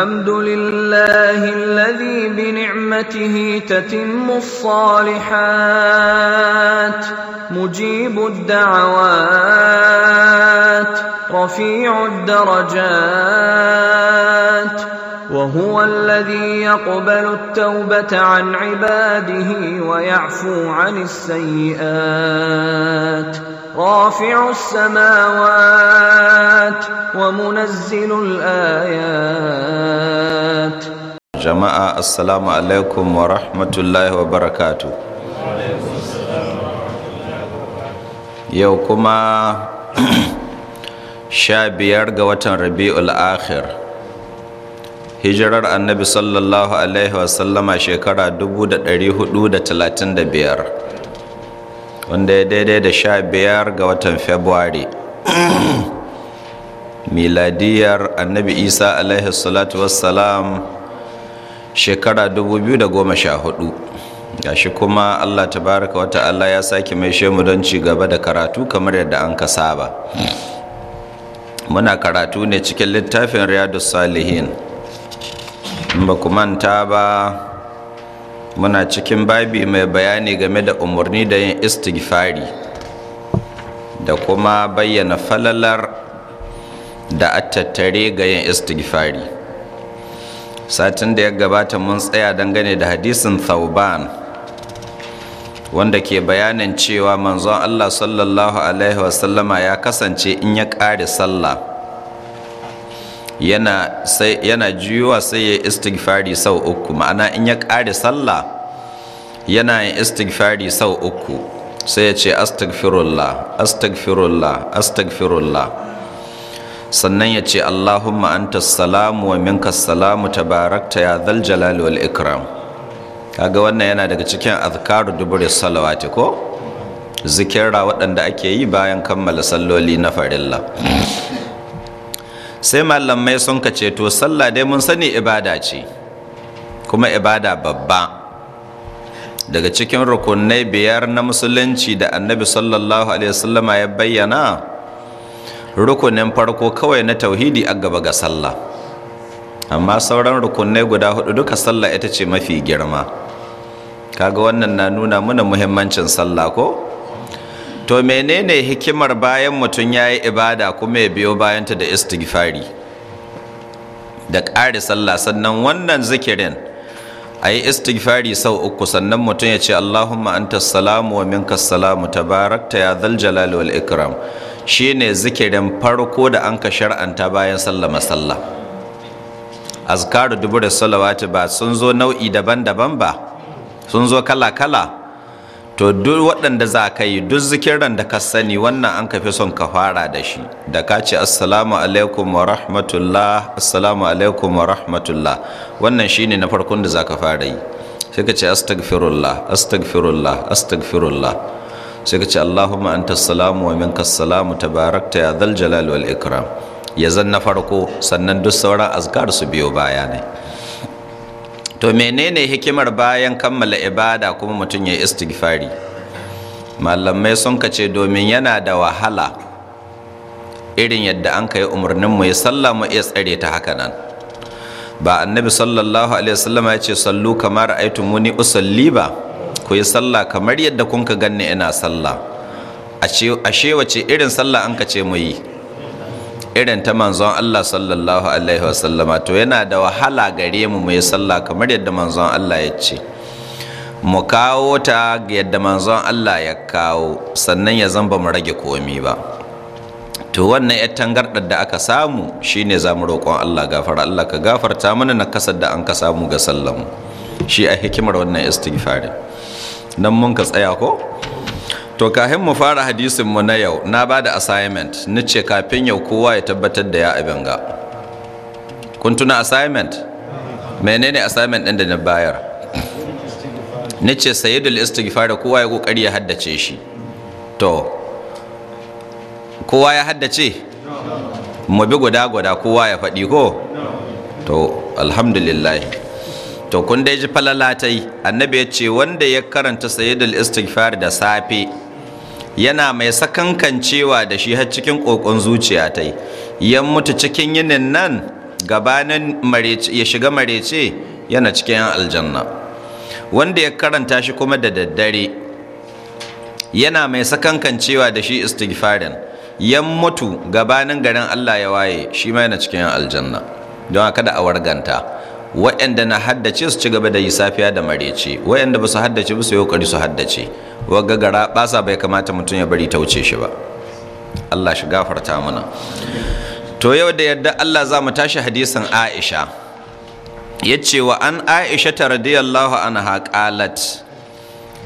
الحمد لله الذي بنعمته تتم الصالحات مجيب الدعوات رفيع الدرجات وهو الذي يقبل التوبة عن عباده ويعفو عن السيئات رافع السماوات ومنزل الآيات جماعة السلام عليكم ورحمة الله وبركاته يوكما شابير قوة ربيع الآخر hijirar annabi sallallahu alaihi wasallama shekara 435 wanda ya daidai da sha biyar ga watan february miladiyar annabi isa alaihi salatu wassalam shekara 2014 gashi kuma allah tabaraka wata allah ya sake mai shemu don ci gaba da karatu kamar yadda an ka saba muna karatu ne cikin littafin riyadu salihin ba ku manta ba muna cikin babi mai bayani game da umarni da yin istighfari da kuma bayyana falalar da a tattare ga yin istighfari satin da ya gabata mun tsaya dangane da hadisin thauban wanda ke bayanin cewa manzon allah sallallahu alaihi wasallama ya kasance in ya ƙare sallah yana juwa sai ya istighfari sau uku ma'ana in ya ƙare sallah yana yin istighfari sau uku sai ya ce astaghfirullah astaghfirullah astaghfirullah sannan ya ce allahumma anta salamu wa minka salamu tabarakta ya zal jalali wal ikram kaga wannan yana daga cikin azkaru dubure salawati ko zikira waɗanda ake yi bayan kammala salloli na farilla sai malamai sun ka ce to sallah dai mun sani ibada ce kuma ibada babba daga cikin rukunai biyar na musulunci da annabi sallallahu alaihi wasallama ya bayyana rukunin farko kawai na tauhidi a gaba ga sallah amma sauran rukunai guda hudu duka sallah ita ce mafi girma kaga wannan na nuna muna muhimmancin sallah ko to menene hikimar bayan mutum ya yi ibada kuma ya biyo bayanta da istighfari da ƙari sallah sannan wannan zikirin a yi istighfari sau uku sannan mutum ya ce allahumma anta salamu wa minka salamu tabarakta ya zal jalal wal ikram shine zikirin farko da an ka shar'anta bayan sallama sallah azkaru da salawati ba sun zo nau'i daban-daban ba sun zo kala-kala to duk waɗanda za ka yi duk zikiran da ka sani wannan an ka fi son ka fara da shi da ka ce assalamu alaikum wa rahmatullah assalamu alaikum wa rahmatullah wannan shi ne na farkon da za ka fara yi sai ka ce astagfirullah astagfirullah astaghfirullah sai ka ce allahumma anta salamu wa minka salamu tabarakta ya zal jalal wal ikram ya zan na farko sannan duk sauran azkar su biyo baya ne to menene hikimar bayan kammala ibada kuma mutum ya istighfari malamai sun kace domin yana da wahala irin yadda an ka yi umarnin mu ya sallah mu iya tsare ta haka nan ba annabi sallallahu alaihi wasallam ya ce sallu kamar muni usalli ba ku yi sallah kamar yadda kun ka ganni ina sallah ashe wace irin sallah an ka ce mu yi irin ta manzon Allah sallallahu alaihi wasallama to yana da wahala gare mu mu yi sallah kamar yadda manzon Allah ya ce mu kawo ta yadda manzon Allah ya kawo sannan ya zamba mu rage komi ba to wannan yar tangardar da aka samu shine zamu roƙon Allah gafara Allah ka gafarta mana na kasar da an ka samu ga sallamu shi a hikimar wannan istighfarin nan mun ka tsaya ko to kafin mu fara hadisin mu na yau na ba da assignment ni ce kafin yau kowa ya tabbatar da ya abin ga kun tuna assignment menene assignment ɗin da na bayar ni ce sayyidul istighfar kowa ya kokari ya haddace shi to kowa ya haddace mu bi guda guda kowa ya faɗi ko to alhamdulillah to kun dai ji falalatai annabi ya ce wanda ya karanta sayyidul istighfar da safe yana mai sakankancewa da shi har cikin ƙoƙon zuciya ta yi ya mutu cikin yinin nan gabanin ya shiga marece yana cikin yan aljanna wanda ya karanta shi kuma da daddare yana mai sakankancewa da shi istighfarin ya mutu gabanin garin Allah ya waye shi ma yana cikin yan aljanna don da a warganta waɗanda na haddace su ci gaba da yi safiya da marece waɗanda ba su haddace ba su yi ƙoƙari su haddace wagga gara basa bai kamata mutum ya bari ta wuce shi ba Allah shi gafarta mana to yau da yadda Allah za mu tashi hadisin Aisha yace wa an Aisha ta radiyallahu anha qalat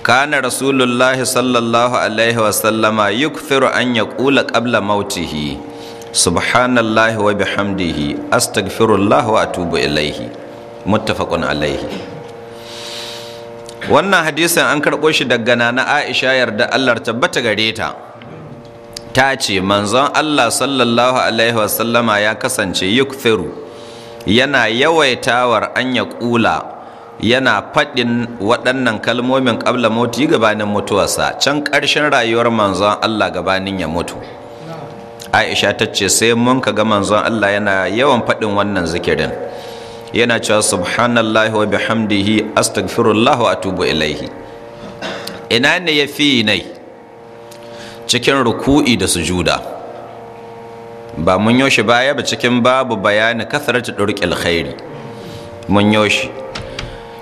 kana rasulullahi sallallahu alaihi wa sallama yukthiru an yaqula qabla mautihi subhanallahi wa bihamdihi astaghfirullah wa atubu ilaihi muttafaqun alaihi wannan hadisin an karɓo shi daga nana aisha yarda allah tabbata gare ta ta ce manzon allah sallallahu alaihi wasallama ya kasance yukfiru yana yawaitawar an ya ƙula yana faɗin waɗannan kalmomin ƙabla yi gabanin mutuwarsa can ƙarshen rayuwar manzon allah gabanin ya mutu aisha ta ce sai mun ka ga manzon allah yana yawan faɗin wannan zikirin yana cewa subhanallahi wa bihamdihi astaghfirullah wa atubu ilaihi ina ne ya fi nai cikin ruku'i da sujuda ba mun yoshi baya ba cikin babu bayani ta ɗurƙil khairi mun yoshi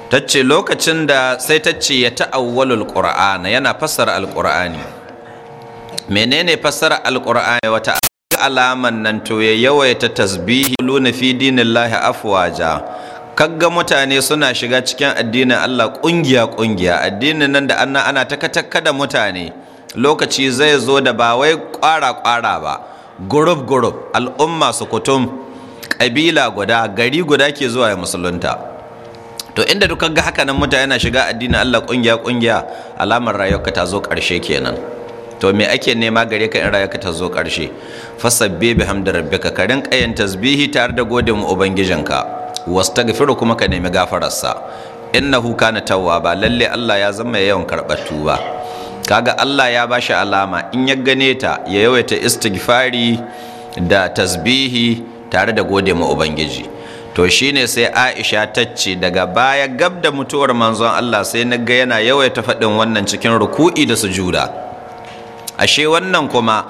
ta ce lokacin da sai ta ce ya ta'awwalul qur'ana yana fassara alqur'ani menene fassara alqur'ani wata alaman nan to ya yawaita tasbihi yadkhuluna fi dinillahi afwaja kaga mutane suna shiga cikin addinin Allah kungiya kungiya addinin nan da anna ana takatakka da mutane lokaci zai zo da ba wai kwara kwara ba gurub gurub al'umma su kutum kabila guda gari guda ke zuwa ya musulunta to inda duk ga haka nan mutane na shiga addinin Allah kungiya kungiya alamar rayuwarka ta zo karshe kenan to me ake nema gare ka in rayuwa ta zo ƙarshe fasabbe bi hamdi rabbika ka rinka yin tasbihi tare da gode mu ubangijinka wastaghfiru kuma ka nemi gafararsa innahu kana tawwaba lalle Allah ya zama yawan karɓar tuba kaga Allah ya bashi alama in ya gane ta ya yawaita istighfari da tasbihi tare da gode mu ubangiji to shine sai Aisha ta ce daga baya gab da mutuwar manzon Allah sai na ga yana yawaita faɗin wannan cikin ruku'i da sujuda ashe wannan kuma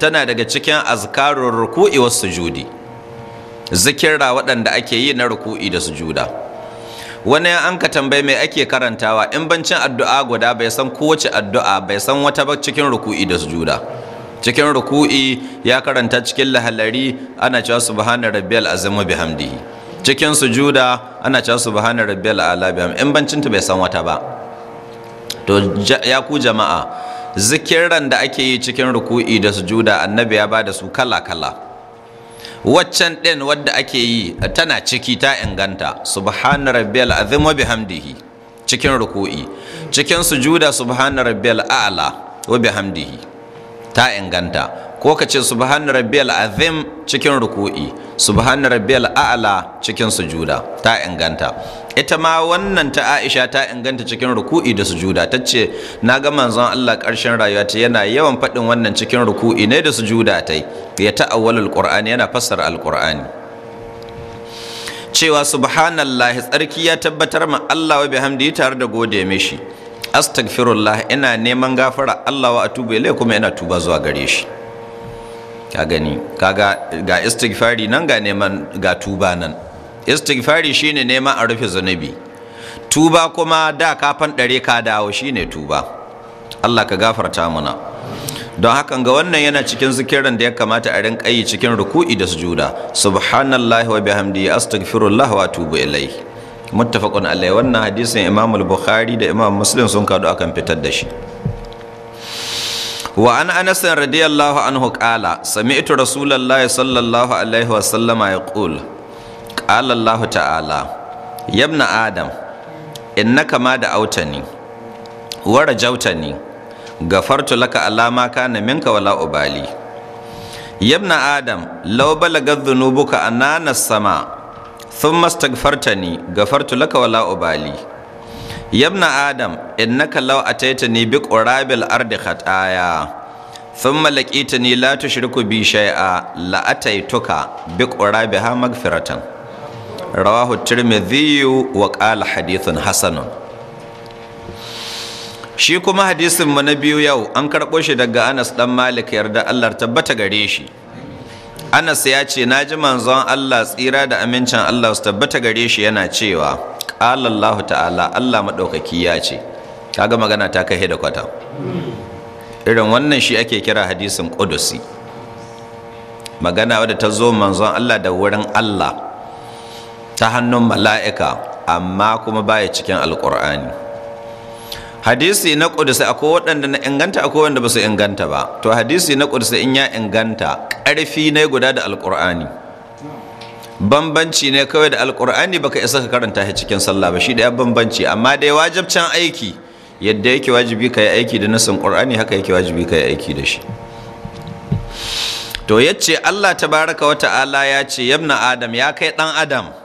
tana daga cikin azkarun ruku'i wasu sujudi zikirra waɗanda ake yi na ruku'i da sujuda wani an ka tambayi mai ake karantawa in bancin addu'a guda bai san kowace addu'a bai san wata ba cikin ruku'i da sujuda cikin ruku'i ya karanta cikin lahalari ana cewa subhana rabbiyal azim wa bihamdihi cikin sujuda ana cewa subhana rabbiyal ala bihamdihi in bancin bai san wata ba to ya ku jama'a zikiran da ake yi cikin ruku'i da sujuda annabi ya bada su kala-kala waccan ɗin wadda ake yi tana ciki ta inganta subhan rabbiyal azim wa bihamdihi cikin ruku'i cikin sujuda subhan rabbiyal a'la wa bihamdihi ta inganta ko ka ce subhan rabbiyal azim cikin ruku'i subhan rabbiyal a'la cikin sujuda ta inganta ita ma wannan ta aisha ta inganta cikin ruku'i da sujuda ta ce na ga manzon allah ƙarshen rayuwa ta yana yawan faɗin wannan cikin ruku'i ne da sujuda ta yi ya ta'awwal alqur'ani yana fassara alƙur'ani cewa subhanallah tsarki ya tabbatar ma allah wa bihamdi tare da gode mishi astaghfirullah ina neman gafara allah wa atubu ilai kuma ina tuba zuwa gare shi ka gani kaga ga istighfari nan ga neman ga tuba nan istighfari shine neman a rufe zunubi tuba kuma da kafan dare ka dawo shine tuba Allah ka gafarta mana don hakan ga wannan yana cikin zikirin da ya kamata a rinka yi cikin ruku'i da sujuda subhanallahi wa bihamdihi astaghfirullah wa atubu ilai muttafaqun alaihi wannan hadisin Imam al-Bukhari da Imam Muslim sun kado akan fitar da shi wa an anas الله anhu qala sami'tu rasulullahi sallallahu alaihi wa عليه Alallahu Allah ta'ala yabna adam innaka ma da autani wa rajautani gafartu laka alama kana minka wala ubali yabna adam law balaga dhunubuka anana sama thumma astaghfartani gafartu laka wala ubali yabna adam a taita ataitani bi qurabil ardi khataya ثم لقيتني لا تشرك بي شيئا لأتيتك بقرابها مغفرة rawahu tirmidhi wa qala hadithun hasanun shi kuma hadisin mu na biyu yau an karɓo shi daga Anas dan Malik yarda Allah tabbata gare shi Anas ya ce na ji manzon Allah tsira da amincin Allah su tabbata gare shi yana cewa qala Allah ta'ala Allah madaukaki ya ce kaga magana ta kai da kwata irin wannan shi ake kira hadisin qudusi magana wadda ta zo manzon Allah da wurin Allah ta hannun mala'ika amma kuma baya cikin alƙur'ani hadisi na ƙudus akwai waɗanda na inganta akwai wanda ba su inganta ba to hadisi na ƙudus in ya inganta ƙarfi ne guda da alƙur'ani bambanci ne kawai da alkur'ani baka isa ka karanta shi cikin sallah ba shi da bambanci amma dai wajabcin aiki yadda yake wajibi ka yi aiki da nasin ƙur'ani haka yake wajibi ka yi aiki da shi to yace Allah tabaraka wa ta'ala ya ce yabna adam ya kai ɗan adam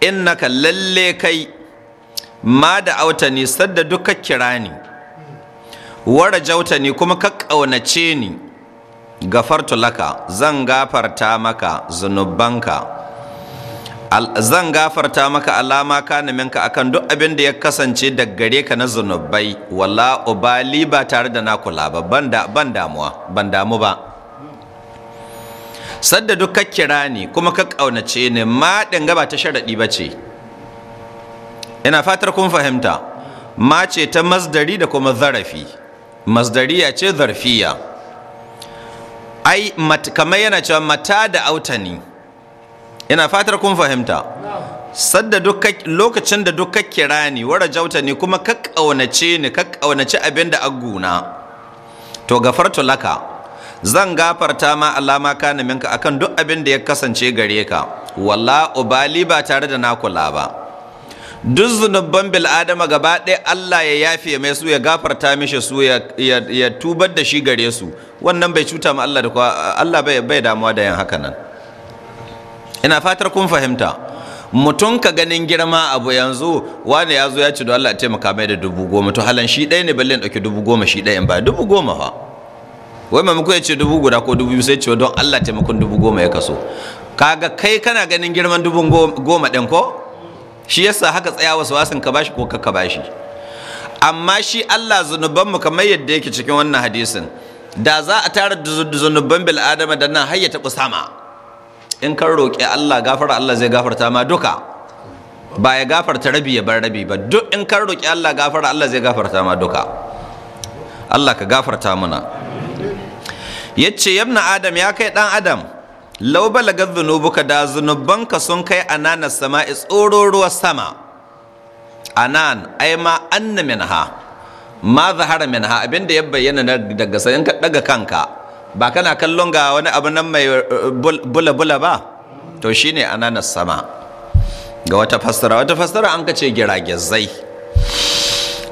In innaka lalle kai ma da auta ni sadda duka kira ni wara jauta ni kuma ka ƙaunace ni gafartu laka zan gafarta maka zunubanka zan gafarta maka alama kana minka akan duk abin da ya kasance da gare ka na zunubai wala ubali ba tare da na kula ba ban damuwa ban damu ba sadda duk ka kira ni kuma ka ƙaunace ni ma gaba ta sharaɗi ba ce ina fatar kun fahimta ma ce ta masdari da kuma zarafi masdariya ce zarfiya ai kamar yana cewa mata da autani ina fatar kun fahimta sadda lokacin da duk ka kira ni wara jauta ni kuma ka ƙaunace ni ka kaunace abin da aguna to gafartu laka zan gafarta ma Allah ma kana minka akan duk abin da ya kasance gare ka walla ubali ba tare da na kula ba duk zunubban bil adama gaba ɗaya Allah ya yafe mai su ya gafarta mishi su ya tubar da shi gare su wannan bai cuta ma Allah da Allah bai damuwa da yin haka nan ina fatar kun fahimta mutum ka ganin girma abu yanzu wani ya zo ya ci da Allah taimaka mai da dubu goma to halan shi ɗaya ne balle ɗauki dubu goma shi ɗaya ba dubu goma fa wai maimako ya ce dubu guda ko dubu biyu sai ce don Allah taimakon dubu goma ya kaso kaga kai kana ganin girman dubu goma ɗin ko shi yasa haka tsaya wasu wasan ka bashi ko ka bashi amma shi Allah zunuban mu kamar yadda yake cikin wannan hadisin da za a tara zunuban bil adama da nan har ya taɓa sama in kan roƙi Allah gafara Allah zai gafarta ma duka ba ya gafarta rabi ya bar rabi ba duk in kan roƙi Allah gafara Allah zai gafarta ma duka Allah ka gafarta muna Ya ce yabna adam ya kai dan adam lau balaga ka da zunubanka sun kai sama. sama'i ruwa sama anan ai ma anna minha ma zahara minha abinda ya bayyana daga sayan ka daga kanka ba kana kallon ga wani abu nan mai uh, uh, bula bula ba to shine ananas sama ga wata fassara wata fassara an kace giragizai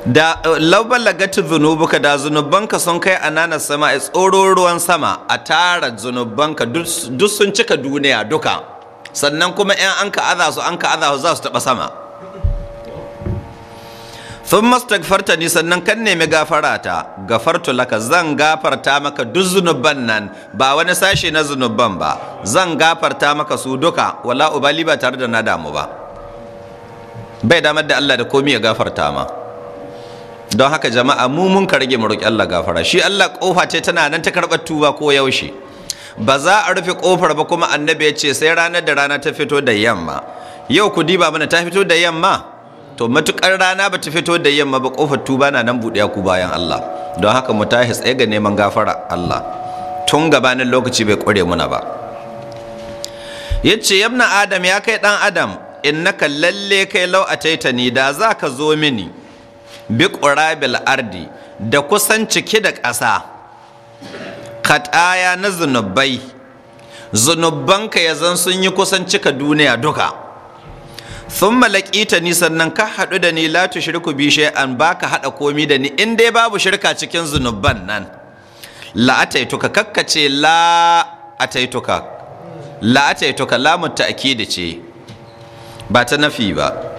da eh, laubala gati zunubuka da zunubanka sun kai ananan sama a tsoron ruwan sama a tara zunubanka duk sun cika duniya duka sannan kuma yan an ka'aza su an ka'aza su za su taba sama sun mastagfarta ni sannan kan nemi ta, gafartu laka zan gafarta maka duk zunuban nan ba wani sashe na zunuban ba zan gafarta maka su duka wala ubali ba tare da na damu ba bai damar da Allah da komi ya gafarta ma don haka jama'a mu mun ka mu roki Allah gafara shi Allah kofa ce tana nan ta karɓar tuba ko yaushe ba za a rufe kofar ba kuma annabi ya ce sai ranar da rana ta fito da yamma yau ku diba mana ta fito da yamma to matukar rana ba ta fito da yamma ba kofar tuba na nan buɗe ku bayan Allah don haka mu tashi tsaye ga neman gafara Allah tun gabanin lokaci bai kure muna ba yace yabna adam ya kai dan adam innaka lalle kai lau ataita ni da za ka zo mini bi ardi da kusan cike da ƙasa kataya na zunubai zunubanka ya zan sun yi kusan cika duniya duka sun malakita ni sannan ka haɗu da ni latu shirku bi ba baka haɗa komi da ni in dai babu shirka cikin zunuban nan la'ataituka ataituka kakkace la'ataituka ataituka ce ba ta nafi ba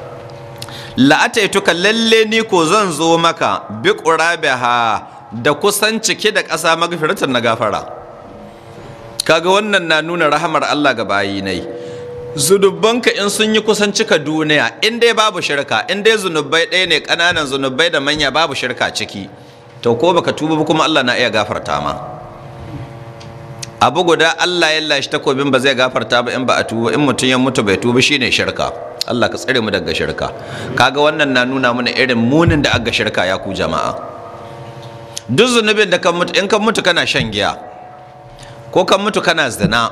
la'ataituka lalle ni ko zan zo maka bi qurabiha da kusan cike da ƙasa magafiratar na gafara kaga wannan na nuna rahamar Allah ga bayi nai zunubanka in sun yi kusan cika duniya in dai babu shirka in dai zunubai ɗaya ne ƙananan zunubai da manya babu shirka ciki to ko baka tuba kuma Allah na iya gafarta ma abu guda Allah ya lashe takobin ba zai gafarta ba in ba a tuba in mutum ya mutu bai tuba shine shirka Allah ka tsare mu daga shirka kaga wannan na nuna mana irin munin da aga shirka ya ku jama'a duk zunubin da kan mutu in kan mutu kana shan giya ko kan mutu kana zina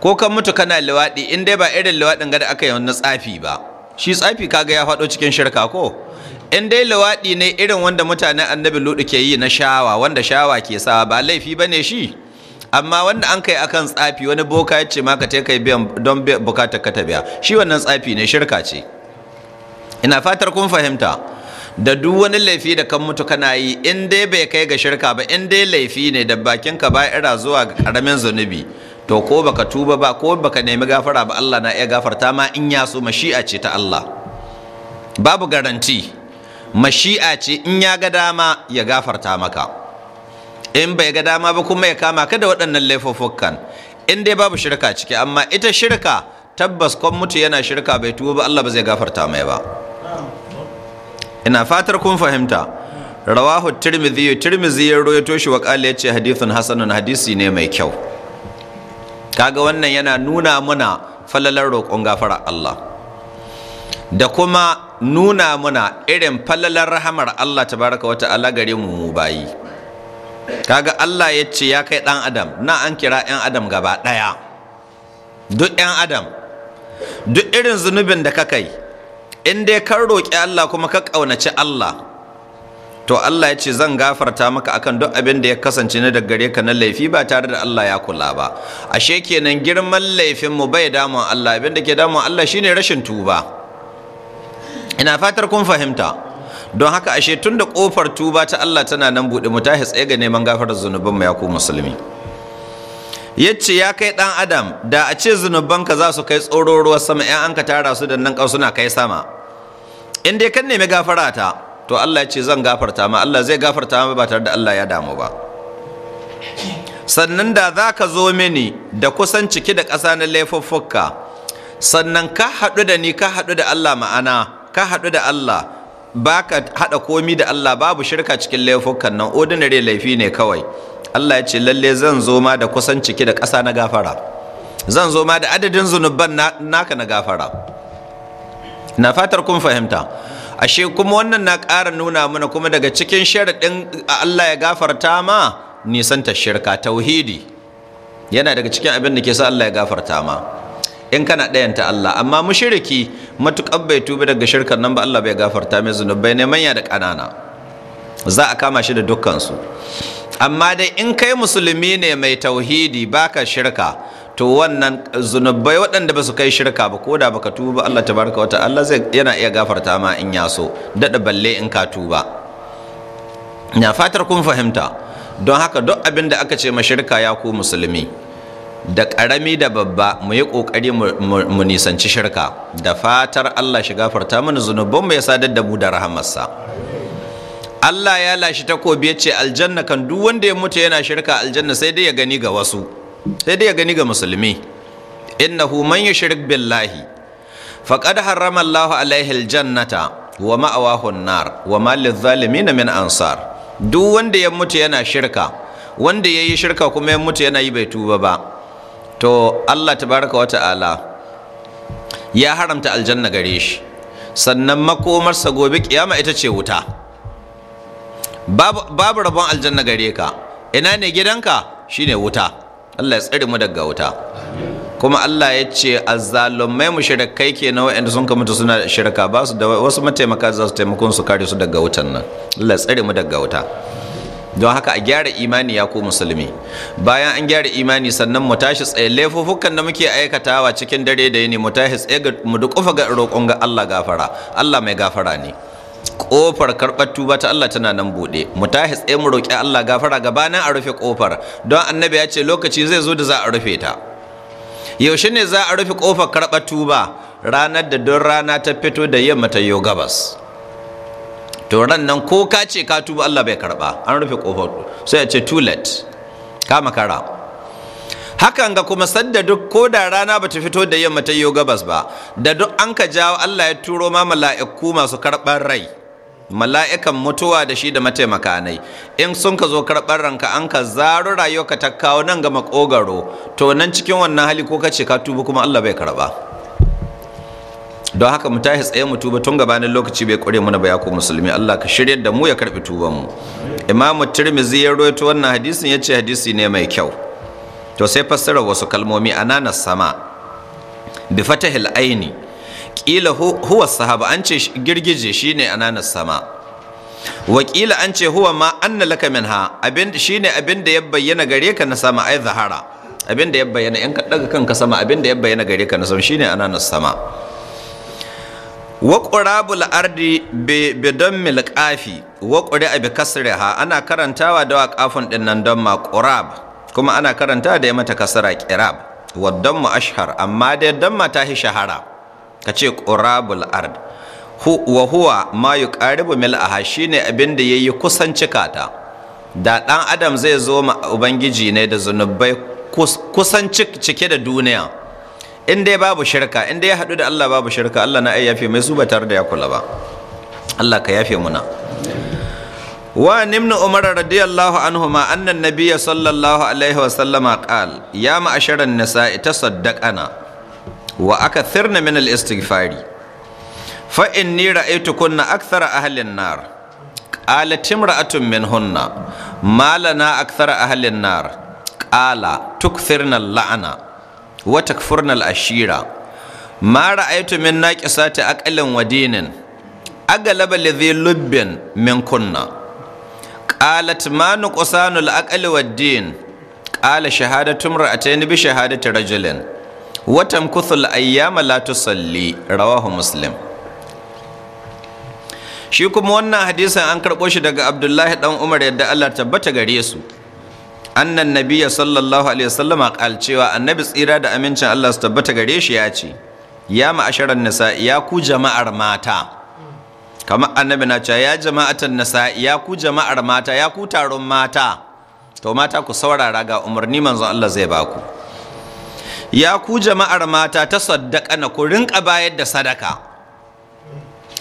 ko kan mutu kana liwaɗi in dai ba irin liwaɗin ga da aka yi wani tsafi ba shi tsafi kaga ya faɗo cikin shirka ko in dai liwaɗi ne irin wanda mutanen annabi ludu ke yi na shawa wanda shawa ke sawa ba laifi ba ne shi amma wanda an kai akan tsafi wani boka ya ce maka te kai biyan don bukatar ka ta biya shi wannan tsafi ne shirka ce ina fatar kun fahimta da duk wani laifi da kan mutu kana yi in dai bai kai ga shirka ba in dai laifi ne da bakin ka ba ira zuwa ga karamin zunubi to ko baka tuba ba ko baka nemi gafara ba Allah na iya gafarta ma in ya so mashi'a ce ta Allah babu garanti mashi'a ce in ya ga dama ya gafarta maka in bai ga dama ba kuma ya kama ka da waɗannan laifuffukan in dai babu shirka ciki amma ita shirka tabbas kwan mutu yana shirka bai tuwo ba Allah ba zai gafarta mai ba ina fatar kun fahimta rawahu tirmidhi tirmidhi ya rawaito shi wa qala yace hadithun hasanun hadisi ne mai kyau kaga wannan yana nuna muna falalar roƙon gafara Allah da kuma nuna muna irin falalar rahamar Allah tabaraka wa ta'ala gare mu mu bayi kaga Allah ya ce ya kai ɗan adam na an kira 'yan adam gaba ɗaya duk 'yan adam duk irin zunubin da ka kai in dai kan roƙi Allah kuma ka ƙaunaci Allah to Allah ya ce zan gafarta maka akan duk abin da ya kasance na daggare ka na laifi ba tare da Allah ya kula ba ashe kenan girman laifin mu bai damun Allah abin da ke damun Allah shine rashin tuba ina fatar kun fahimta don haka ashe tun da kofar tuba ta Allah tana nan buɗe mu tahi tsaye ga neman gafarar zunuban mu ya ku musulmi yace ya kai dan adam da a ce zunubanka za su kai tsoro ruwa sama in an ka tara su da nan kau suna kai sama in dai kan nemi gafara ta to Allah ya ce zan gafarta ma Allah zai gafarta ma ba tare da Allah ya damu ba sannan da za ka zo mini da kusan ciki da ƙasa na laifuffuka sannan ka haɗu da ni ka haɗu da Allah ma'ana ka haɗu da Allah baka haɗa komi da Allah babu shirka cikin laifukan nan ordinary laifi ne kawai Allah ya ce lalle zan zo ma da kusan ciki da ƙasa na gafara zan zo ma da adadin zunuban naka na gafara na fatar kun fahimta ashe kuma wannan na ƙara nuna mana kuma daga cikin sharaɗin Allah ya gafarta ma Nisan ta shirka tauhidi yana daga cikin abin da ke sa Allah ya gafarta ma in kana ɗayan ta Allah amma shiriki matuƙar bai tubi daga shirkar nan ba Allah bai gafarta mai zunubai ne manya da ƙanana za a kama shi da dukkansu amma dai in kai musulmi ne mai tauhidi baka shirka to wannan zunubai waɗanda ba su kai shirka ba ko da baka tuba Allah tabaraka wata Allah zai yana iya gafarta ma in ya so daɗa balle in ka tuba na fatar kun fahimta don haka duk abin da aka ce mashirka ya ku musulmi da ƙarami da babba mu yi ƙoƙari mu nisanci shirka da fatar Allah shiga farta mana zunubin mu ya sadar da mu da rahamarsa Allah ya lashi takobi ya ce aljanna kan duk wanda ya mutu yana shirka aljanna sai dai ya gani ga wasu sai dai ya gani ga musulmi innahu man yushrik billahi faqad harrama Allahu alaihi aljannata wa ma'awahu an-nar wa ma lizzalimina min ansar duk wanda ya mutu yana shirka wanda ya yi shirka kuma ya mutu yana yi bai tuba ba to Allah tabaraka wa ta'ala ya haramta aljanna gare shi sannan makomarsa gobe kiyama ita ce wuta babu rabon aljanna gare ka ina ne gidanka shine wuta Allah ya tsare mu daga wuta kuma Allah ya ce azzalumai ke na wayanda sun kamata suna shirka ba su da wasu mataimaka za su taimakon su kare su daga wutan nan Allah ya tsare mu daga wuta don haka a gyara imani ya ko musulmi bayan an gyara imani sannan mu tashi tsaye laifofukan da muke aikatawa cikin dare da yini mu tashi tsaye ga mu duk ga roƙon ga Allah gafara Allah mai gafara ne kofar karɓar tuba ta Allah tana nan buɗe mu tashi tsaye mu roƙi Allah gafara gabanin a rufe kofar don annabi ya ce lokaci zai zo da za a rufe ta yaushe ne za a rufe kofar karɓar tuba ranar da don rana ta fito da yamma ta yo gabas to ran nan ko ka ce ka tuba Allah bai karba an rufe kofar sai ya ce too late ka makara hakan ga kuma sadda duk ko da rana ba ta fito da yamma ta yiwu gabas ba da duk an ka jawo Allah ya turo ma mala'iku masu karɓar rai mala'ikan mutuwa da shi da mataimaka nai in sun ka zo karɓar ranka an ka zaro rayuwa ta kawo nan ga makogaro to nan cikin wannan hali ko ka ce ka tuba kuma Allah bai karɓa don haka mu tashi tsaye mu tuba tun gabanin lokaci bai kure muna ba ya ku musulmi Allah ka shiryar da mu ya karbi tuban mu Imam Tirmidhi ya rawaito wannan hadisin yace hadisi ne mai kyau to sai fassara wasu kalmomi anana sama bi fatahil aini kila huwa sahaba an ce girgije shine anana sama wakila an ce huwa ma anna laka minha abin shine abin da ya bayyana gare ka na sama ai zahara abin da ya bayyana in ka daga kanka sama abin da ya bayyana gare ka na sama shine anana sama wa ƙurabul ardi bi don milƙafi a bi abi ha ana karantawa da waƙafin ɗin nan don ma kuma ana karanta da ya mata kasara ƙirab wa don mu ashhar amma dai don ma ta shahara ka ce ƙurabul ard wa huwa ma ha mil'aha ne abin da ya yi kusan cikata da ɗan adam zai zo ma ubangiji ne da zunubai kusan cike da duniya in dai babu shirka in dai ya haɗu da Allah babu shirka Allah na yafe mai su ba tare da ya kula ba Allah ka yafe muna wa nimnu umar radiyallahu anhuma anna nabiyya sallallahu alaihi wa sallama qal ya ma'asharan nisa'i tasaddaqana wa akathirna min al-istighfari fa inni kunna akthara ahli an-nar قالت امرأة منهن ما لنا أكثر nar. Ƙala, قال تكثرن اللعنة Wata furnal ashira mara ra'aytu min naqisati akalin wa dinin aglaba lidhi lubbin min kunna qalat ma nuqsanul ƙala wad din qala shahadatu imra'atayn bi shahadati rajulin wa tamkuthul ayyama la tusalli rawahu muslim shi kuma wannan hadisin an karɓo shi daga abdullahi ɗan umar yadda allah tabbata gare su annan nabiyya sallallahu alaihi wasallama qal cewa annabi tsira da amincin Allah su tabbata gare shi ya ce ya ma'asharan nisa ya ku jama'ar mata kamar annabi na cewa ya jama'atan nisa ya ku jama'ar mata ya ku taron mata to mata ku saurara ga umarni manzon Allah zai baku ya ku jama'ar mata ta saddaka na ku rinka bayar da sadaka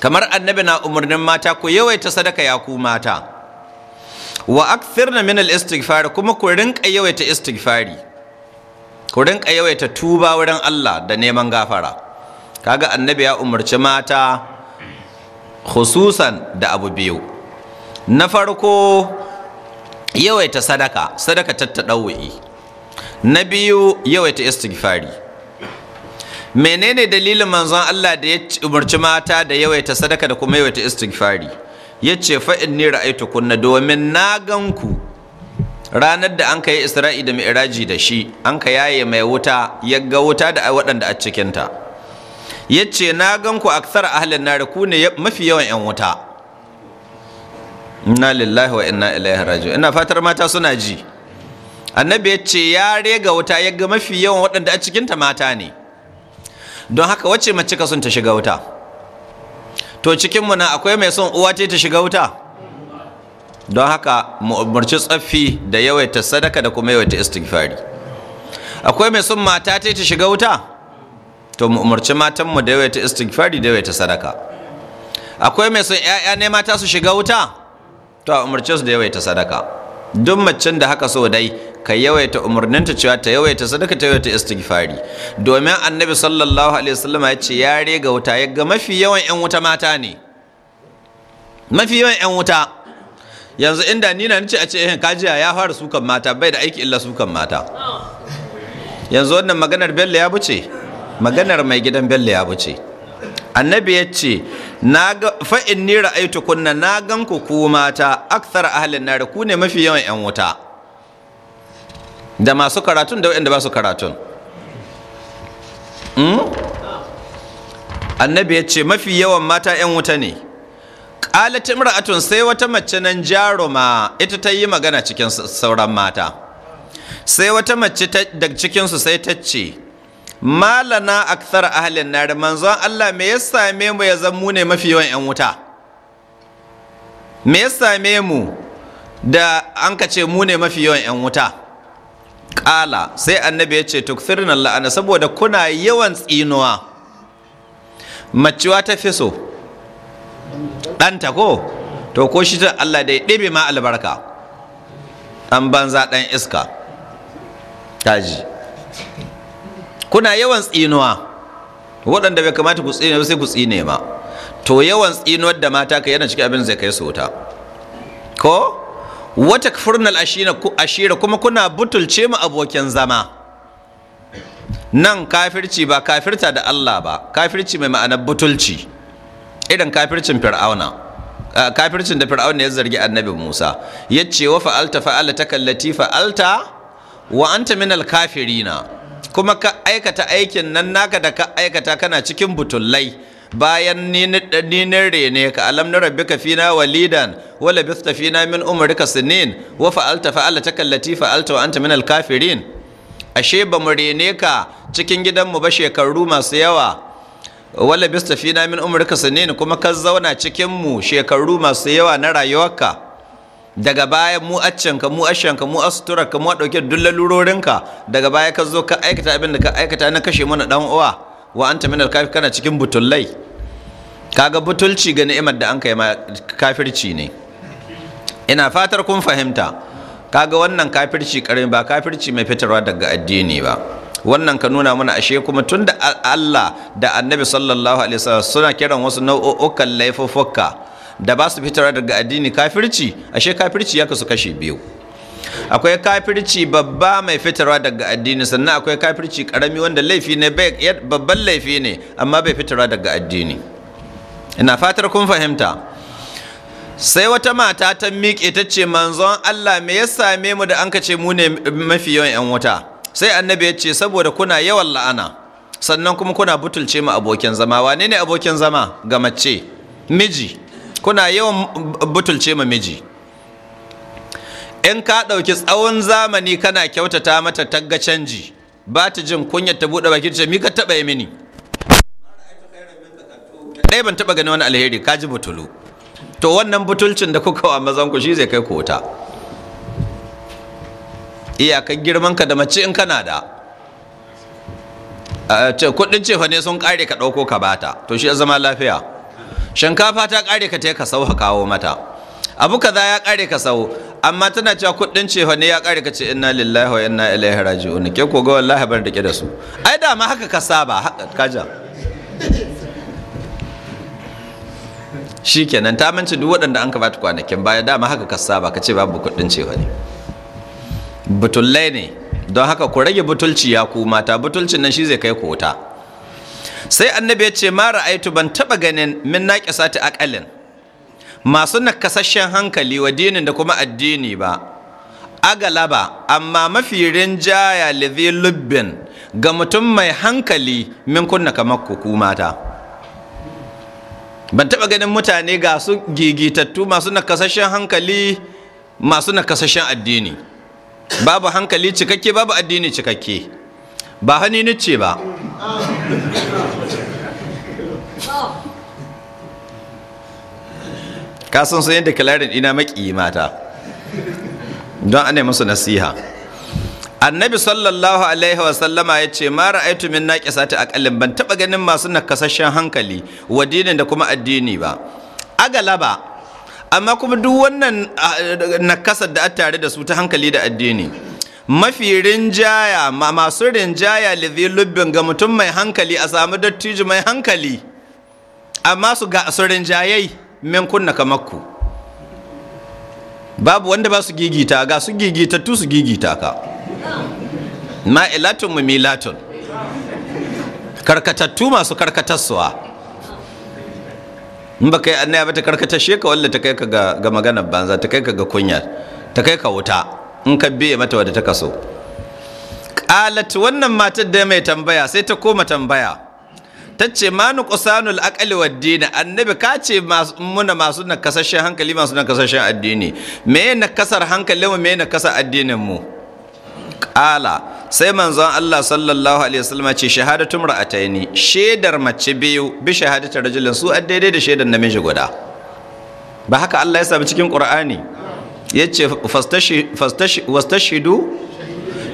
kamar annabi na umarnin mata ku yawaita sadaka ya ku mata wa akthirna min al-istighfar kuma ku rinka yawaita istighfari ku rinka yawaita tuba wurin Allah da neman gafara kaga annabi ya umarci mata khususan da abu biyu na farko yawaita sadaka sadaka tattadawai na biyu yawaita istighfari menene dalilin manzon Allah da ya umarci mata da yawaita sadaka da kuma yawaita istighfari Ya ce fa inni ra'aytu kunna domin na ganku ranar da an yi Isra'i da mai da shi an ka yaye mai wuta ya ga wuta da waɗanda a cikinta. Ya ce na ganku aksar ahlin nar ku ne mafi yawan yan wuta Na lillahi wa inna ilaihi raji'un ina fatar mata suna ji annabi ya ce ya rega wuta ya ga mafi yawan waɗanda a cikinta mata ne don haka wacce mace ka sun ta shiga wuta to cikinmu na akwai mai son uwa ce ta shiga wuta don haka mu umarci tsaffi da yawaita sadaka da kuma yawaita istighfari akwai mai son mata ce ta shiga wuta to mu umarci matanmu da yawaita istighfari da yawaita sadaka akwai mai son ƴaƴa ne mata su shiga wuta to a umarci su da yawaita sadaka duk macen da haka so dai ka yawaita umarninta cewa ta yawaita sadaka ta yawaita istighfari domin annabi sallallahu alaihi wasallam ya ce ya rega wuta ya ga mafi yawan yan wuta mata ne mafi yawan yan wuta yanzu inda ni na nace a ce eh kajiya ya fara sukan mata bai da aiki illa sukan mata yanzu wannan maganar bello ya buce maganar mai gidan bello ya buce annabi ya ce fa'in ni ra'aitu kunna na gan ku mata akthar ahalin nari ku ne mafi yawan 'yan wuta da masu karatun da waɗanda ba su karatun hmm? annabi ya ce mafi yawan mata 'yan wuta ne ƙalata imra'atun sai wata mace nan jaruma ita ta yi magana cikin sauran mata sai wata mace da cikinsu sai ta ce malana akthar ahalin nari manzon Allah me ya same mu ya zammu ne mafi yawan 'yan wuta me ya same mu da an ka ce mu ne mafi yawan 'yan wuta ƙala sai annabi ya ce na la'ana saboda kuna yawan tsinuwa maciwa ta fi so ɗanta ko to ko shi ta Allah da ya ɗebe ma albarka ɗan banza ɗan iska taji kuna yawan tsinuwa waɗanda bai kamata ku tsine sai ku tsine ma to yawan tsinuwar da mata ka yana cikin abin zai kai sota ko wata furnal ashira kuma kuna butulce mu abokin zama nan kafirci ba kafirta da Allah ba kafirci mai ma'anar butulci irin kafircin fir'auna kafircin da fir'auna ya zargi annabi Musa ya ce wa fa'alta fa'alata kallati fa'alta wa anta minal kafirina kuma ka aikata aikin nan naka da ka aikata kana cikin butullai bayan ni ni rene ka alam na rabbika fina walidan wa labithta fina min umrika sinin wa fa'alta fa'alataka allati fa'alta wa anta min al-kafirin ashe ba mu rene ka cikin gidan mu ba shekaru masu yawa wa fi fina min umrika sinin kuma ka zauna cikin mu shekaru masu yawa na rayuwarka daga baya mu accanka mu ashanka mu asturarka mu dauke duk lalurorinka daga baya ka zo ka aikata abin da ka aikata na kashe mana dan uwa wa anta minal kafir kana cikin butullai kaga butulci ga ni'imar da an kai kafirci ne ina fatar kun fahimta kaga wannan kafirci karami ba kafirci mai fitarwa daga addini ba wannan ka nuna mana ashe kuma tun da Allah da Annabi sallallahu alaihi wasallam suna kiran wasu nau'ukan laifuffuka da ba su fitarwa daga addini kafirci ashe kafirci ya kasu kashe biyu akwai kafirci babba mai fitarwa daga addini sannan akwai kafirci karami wanda laifi ne babban laifi ne amma bai fitarwa daga addini ina fatar kun fahimta sai wata mata ta miƙe ta ce manzon Allah me ya same mu da an ka ce mu ne mafi yawan 'yan wuta sai annabi ya ce saboda kuna yawan la'ana sannan kuma kuna butulce mu abokin zama wane ne abokin zama ga mace miji kuna yawan butulce ma miji in ka ɗauki tsawon zamani kana kyautata mata tagga canji ba ta jin kunyar ta buɗe bakin cewa "Mika taɓa yi mini ɗaya ban taɓa gani wani alheri ka ji butulu to wannan butulcin da kuka wa mazan ku shi zai kai kota iyakar girman ka da mace in kana da kudin cefa ne sun kare ka ɗauko ka bata to shi zama lafiya shinkafa ta kare ka ta ka sau ka kawo mata abu kaza ya kare ka sau amma tana cewa kuɗin cewa ne ya ka ce inna lillahi wa inna ilaihi raji'un ke ko ga wallahi bar rike da su ai da ma haka ka saba haka kaja shikenan ta mance duk waɗanda an ka ta kwanakin baya dama haka ka saba ce babu kuɗin cewa ne butullai ne don haka ku rage butulci ya ku mata butulcin nan shi zai kai ku wuta sai annabi ya ce ma ra'aitu ban taba ganin min naqisati aqalin masu nakasashen hankali wa dinin da kuma addini ba agalaba amma mafi rinjaya lizi lubbin ga mutum mai hankali min kunna kamar kuku mata ban taɓa ganin mutane ga su gigitattu masu nakasashen hankali masu nakasashen addini babu hankali cikakke babu addini cikakke ba hannu ce ba oh. ka san sun yadda kalarin ina maki mata don ana musu nasiha annabi sallallahu alaihi wasallama ya ce mara aitu min a aqallin ban taɓa ganin masu nakasashen hankali wa dinin da kuma addini ba A galaba. amma kuma duk wannan ah, nakasar da a tare da su ta hankali da addini mafi rinjaya masu rinjaya lizi lubbin ga mutum mai hankali a samu dattijo mai hankali amma su ga su rinjayai min kunna kamakku babu wanda ba su gigita ga su gigita tu su gigita ka mu milatun karkatattu masu karkatarsuwa in ba kai annaya ba ta karkatashe ka walla ta kai ka ga maganar banza ta kai ka ga kunya ta kai ka wuta in ka biye mata wadda ta kaso ƙalat wannan matar da mai tambaya sai ta koma tambaya Ta ce ma nuqsanul kusanul akali din annabi ka ce muna masu kasashen hankali masu kasashen addini me nakasar hankali mu me nakasar addinin mu qala sai manzon Allah sallallahu alaihi wasallam ce shahadatu mar'ataini shedar mace biyu bi shahadatu rajulin su daidai da shedar namiji guda ba haka Allah ya sami cikin Qur'ani yace fastashi fastashi wastashidu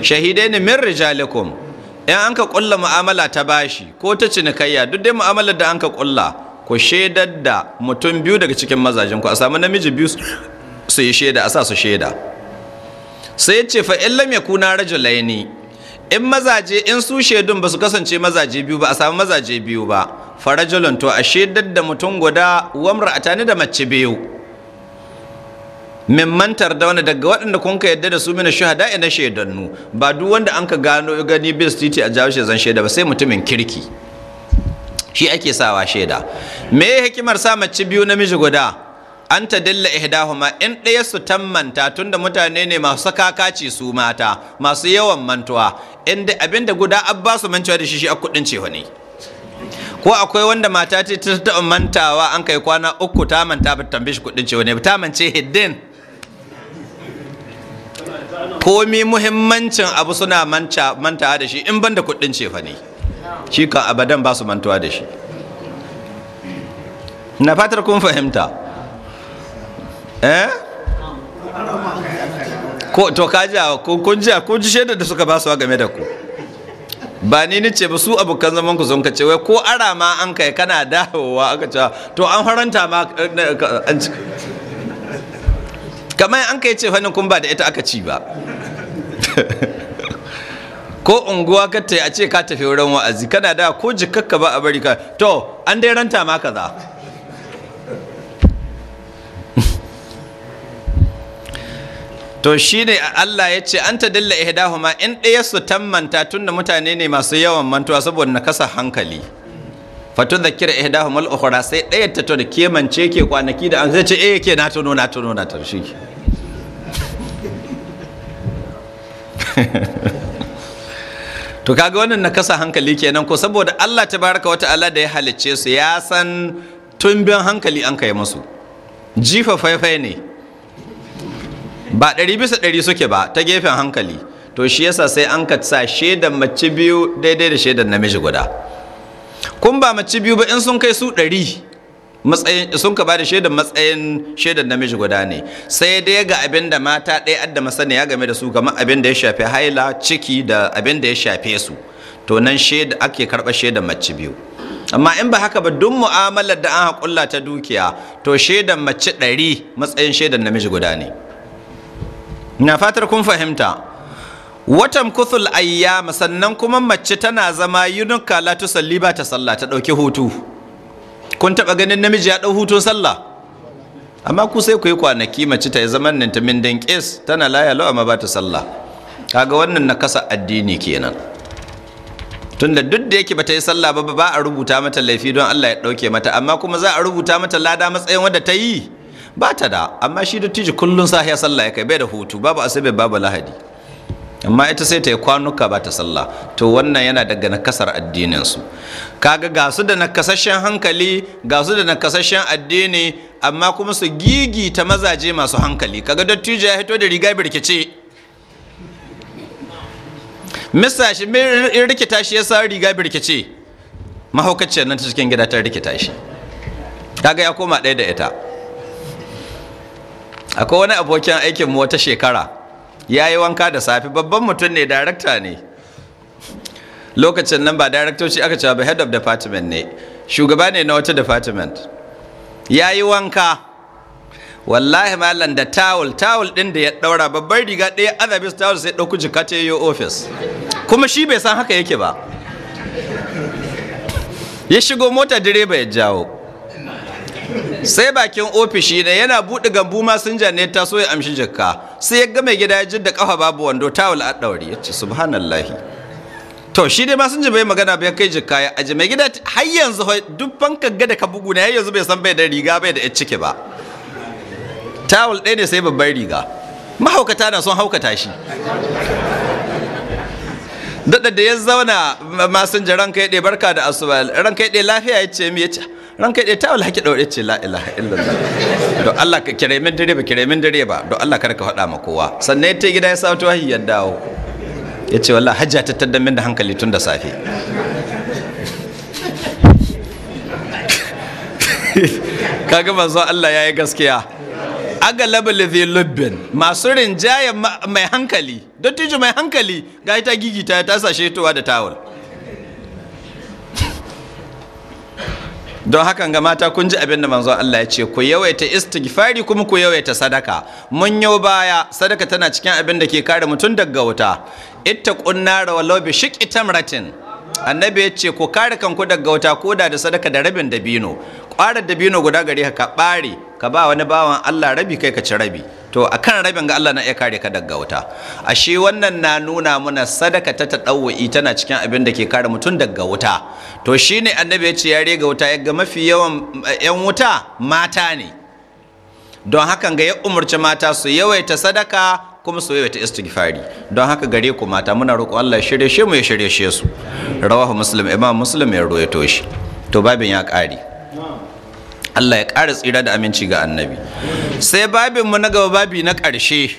shahidaini min rijalikum yan an ka kulla mu'amala ta bashi ko ta cinikayya duk dai mu'amalar da an ka kulla ku shaidar da mutum biyu daga cikin mazajen ku a samu namiji biyu su yi shaida a sa su shaida sai ce fa in lam yakuna rajulaini in mazaje in su shaidun ba su kasance mazaje biyu ba a samu mazaje biyu ba farajulun to a shaidar da mutum guda a tani da mace biyu Min mantar da wani daga waɗanda kun ka yadda da su mina shahada ina shaidannu ba duk wanda an ka gano gani bis titi a jawo zan shaida ba sai mutumin kirki shi ake sawa shaida me ya hikimar sa mace biyu namiji guda an ta dilla ihdahuma in ɗaya su tammanta tunda mutane ne masu kakaci su mata masu yawan mantuwa inda abinda guda abba su mantuwa da shi shi a kuɗin ce ne ko akwai wanda mata ce ta taɓa mantawa an kai kwana uku ta manta ba tambaye shi kuɗin wani Ba ta mance hiddin komi muhimmancin abu suna manta da shi in ban da kuɗin cefa ne shi kan abadan ba su mantuwa da shi na fatar kun fahimta eh? ko to kaji kun ji kun ji shaidar da suka ba su game da ku ba ni ni ce ba su abokan zaman ku sun ka ce wai ko ara ma an kai kana dawowa aka ce to an haranta ma eh, an kamar an kai ce fannin kun ba da ita aka ci ba ko unguwa ka ta a ce ka tafi wurin wa'azi kana da ko jikakka ba a bari ka to an dai ranta ma kaza to shine Allah ya ce an ta dilla ihdahuma in ɗaya su tammanta tunda mutane ne masu yawan mantuwa saboda na kasa hankali fatun ya dafa mal ukhra sai ɗaya ta tuna kemance ke kwanaki da an zai ce eh ke na tuno na tuno na tarshi to kaga wannan na kasa hankali kenan ko saboda Allah ta tabaraka wata ta'ala da ya halicce su ya san tumbin hankali an kai musu jifa faifai ne ba ɗari bisa ɗari suke ba ta gefen hankali to shi yasa sai an ka sa shaidan mace biyu daidai da shaidan namiji guda kun ba mace biyu ba in sun kai su ɗari matsayin sun ka bada shaidar matsayin shaidar namiji guda ne sai dai ga abin da mata ɗaya adda ya game da su kamar abin da ya shafi haila ciki da abin da ya shafe su to nan shaida ake karɓa shaidar mace biyu amma in ba haka ba duk mu'amalar da an haƙulla ta dukiya to shaidar mace ɗari matsayin shaidar namiji guda ne na fatar kun fahimta watan kuthul ayyama sannan kuma mace tana zama yunuka la tusalli ba ta sallah ta dauki hutu kun taba ganin namiji ya dau hutun sallah amma ku sai ku yi kwanaki mace ta yi zaman nan ta min dankes tana laya yalo amma ba ta sallah kaga wannan na kasa addini kenan tunda duk da yake bata yi sallah ba ba a rubuta mata laifi don Allah ya dauke mata amma kuma za a rubuta mata lada matsayin wanda ta yi ba ta da amma shi dattijo kullun sahiya sallah ya kai bai da hutu babu asabe babu lahadi amma ita sai ta yi kwanuka ba ta sallah to wannan yana daga nakasar addininsu kaga ga su da nakasashen hankali ga su da nakasashen addini amma kuma su gigita mazaje masu hankali kaga dattijo ya hito da riga birkice mista shi in rikita shi ya sa riga birkice mahaukaciyar nan ta cikin gida ta rikita shi kaga ya koma ɗaya da ita akwai wani abokin aikin mu wata shekara ya yi wanka da safe babban mutum ne darakta ne lokacin nan ba daraktoci aka cewa ba head of department ne shugaba ne na wata department ya yi wanka wallahi malam da tawul tawul din da ya daura babbar riga ɗaya azabis tawul sai ɗauku jika ta yi ofis kuma shi bai san haka yake ba ya shigo mota direba ya jawo sai bakin ofishi ne yana buɗe gambu masinja ne ta so ya amshi jikka sai ya gama gida ya jidda kafa babu wando tawul a ɗauri ya ce subhanallahi to shi dai ji bai magana bai kai jikka ya aji mai gida har yanzu duk ga da ka bugu na yanzu bai san bai da riga bai da ya cike ba tawul ɗaya ne sai babban riga mahaukata na son haukata shi daɗa da ya zauna masinja ranka ya ɗe barka da asuwa ranka ya ɗe lafiya ya ce mi ya ce ranka dai ta wala hake daure ce la ilaha illallah don Allah ka kire min dare ba kire min dare ba don Allah kar ka faɗa ma kowa sannan ya ta gida ya sa wahi ya dawo ya ce wallahi hajja ta tadda min da hankali tun da safe kaga manzo Allah yayi gaskiya agalaba ladhi lubbin masu rinjaya mai hankali dattijo mai hankali ga ita gigita ta sashe towa da tawul don hakan ga mata kun ji abin da manzon Allah ya ce ku yawaita istighfari kuma ku yawaita sadaka mun yau baya sadaka tana cikin abin da ke kare mutum daga wuta ittaqun nar walau bi shiqqi tamratin annabi ya ce ku kare kanku daga wuta koda da sadaka da rabin dabino ƙwarar dabino guda gare ka bare ka ba wani bawan Allah rabi kai ka ci rabi to a kan rabin ga Allah na iya kare ka daga wuta ashe wannan na nuna mana sadaka ta tadawwi tana cikin abin da ke kare mutum daga wuta to shine annabi ya ce ya rega wuta ya ga mafi yawan eh, yan wuta mata ne don hakan ga ya umarci mata su yawaita sadaka kuma su yawaita istighfari don haka gare ku mata muna roƙo Allah ya shirye shi mu ya shirye shi su rawahu muslim imam muslim ya ruwaito shi to babin ya ƙare Allah ya ƙara tsira da aminci ga annabi sai babinmu na gaba babi na ƙarshe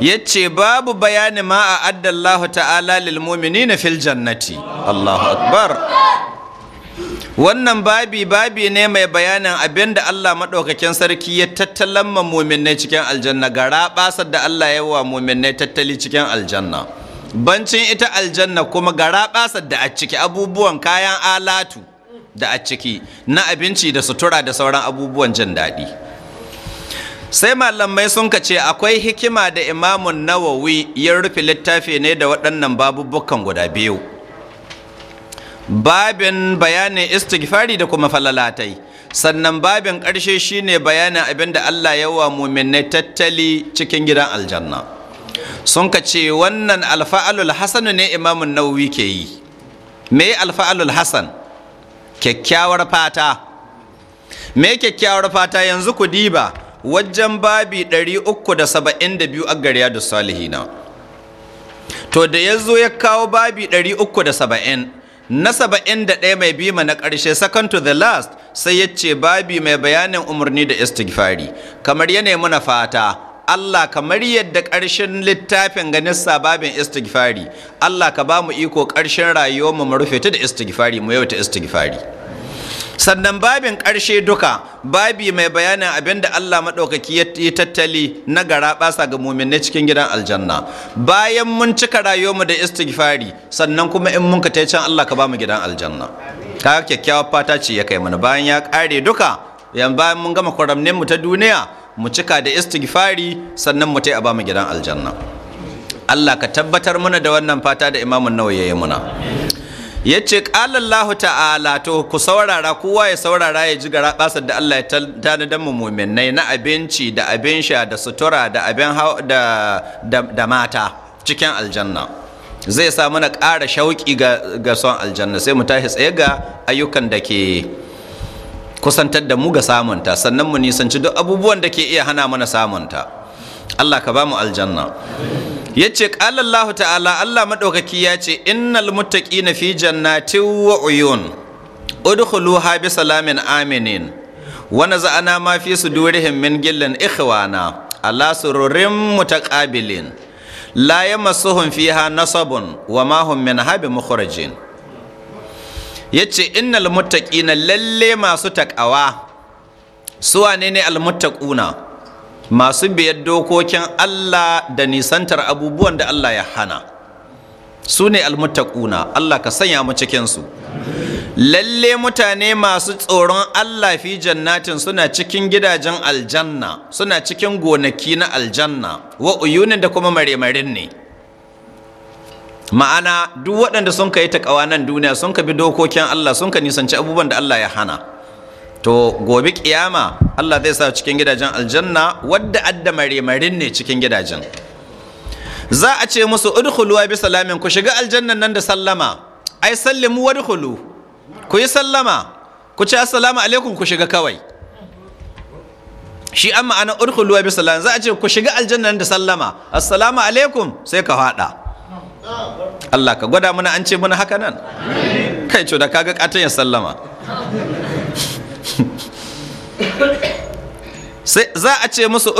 ya ce babu bayani ma a addallahu ta'ala lilmomini na fil jannati Allahu akbar wannan babi babi ne mai bayanin abin da Allah maɗaukakin sarki ya tattalan ma muminai cikin aljanna gara raɓasar da Allah ya wa muminai tattali cikin aljanna bancin ita aljanna kuma gara raɓasar da a ciki abubuwan kayan alatu da a ciki na abinci da sutura da sauran abubuwan jin daɗi sai malamai sun ka ce akwai hikima da imamun nawawi ya rufe littafi ne da waɗannan babubukan guda biyu babin bayanin istighfari da kuma falalatai sannan babin ƙarshe shine bayanin abin da allah yawa muminai tattali cikin gidan aljanna sun ka ce wannan alfa'alul hasanu ne imamun nawawi ke yi me alfa'alul hasan kyakkyawar fata me kyakkyawar fata yanzu ku diba wajen babi 372 a gariya da salihina to da ya zo ya kawo babi 370 na 71 mai bima na ƙarshe second to the last sai ya ce babi mai bayanin umarni da istighfari kamar yanayi muna fata Allah kamar yadda ƙarshen littafin ganin babin istighfari Allah ka ba mu iko ƙarshen rayuwar mu rufe ta da istighfari mu yau ta istighfari sannan babin ƙarshe duka babi mai bayanin abin da Allah maɗaukaki ya tattali na gara ɓasa ga muminai cikin gidan aljanna bayan mun cika rayuwarmu da istighfari sannan kuma in mun ka can Allah ka ba mu gidan aljanna ka kyakkyawar fata ce ya kai mana bayan ya ƙare duka yan bayan mun gama kwaramnin mu ta duniya mu cika da istighfari sannan mu tai a bamu gidan aljanna Allah ka tabbatar mana da wannan fata da Imam nawa yi muna yace ce ƙalallahu ta'ala to ku saurara kowa ya saurara ya ji gara da Allah ya tanadar mu muminai na abinci da abin sha da sutura da abin da mata cikin aljanna zai sa mana ƙara shauƙi ga son aljanna sai mu tashi tsaye ga ayyukan da ke kusantar da mu ga samunta sannan mu nisanci duk abubuwan da ke iya hana mana samunta Allah ka ba mu aljanna ya ce Allah ta'ala Allah maɗaukaki ya ce innal muttaqina fi jannati wa uyun ha bi salamin aminin wa naza'ana ma fi sudurihim min gillan ikhwana ala sururin mutaqabilin la yamassuhum fiha nasabun wa ma hum min habi mukhrajin Ya yace innal muttaqina lalle masu takawa su wanene ne almuttaquna masu biyar dokokin Allah da nisantar abubuwan da Allah ya hana su ne almuttaquna Allah ka sanya mu cikin su lalle mutane masu tsoron Allah fi jannatin suna cikin gidajen aljanna suna cikin gonaki na aljanna wa uyunin da kuma maremarin ne ma'ana duk waɗanda sun ka yi ta nan duniya sun ka bi dokokin Allah sun ka nisanci abubuwan da Allah ya hana to gobe kiyama Allah zai sa cikin gidajen aljanna wadda adda marimarin ne cikin gidajen za a ce musu wa bi salamin ku shiga aljannan nan da sallama ai sallimu wadkhulu ku yi sallama ku ce assalamu alaikum ku shiga kawai shi an ma'ana wa bi salam za a ce ku shiga aljannan da sallama assalamu alaikum sai ka fada Allah ka gwada mana an ce mana haka nan kai co da kaga katon ya sallama sai za a ce musu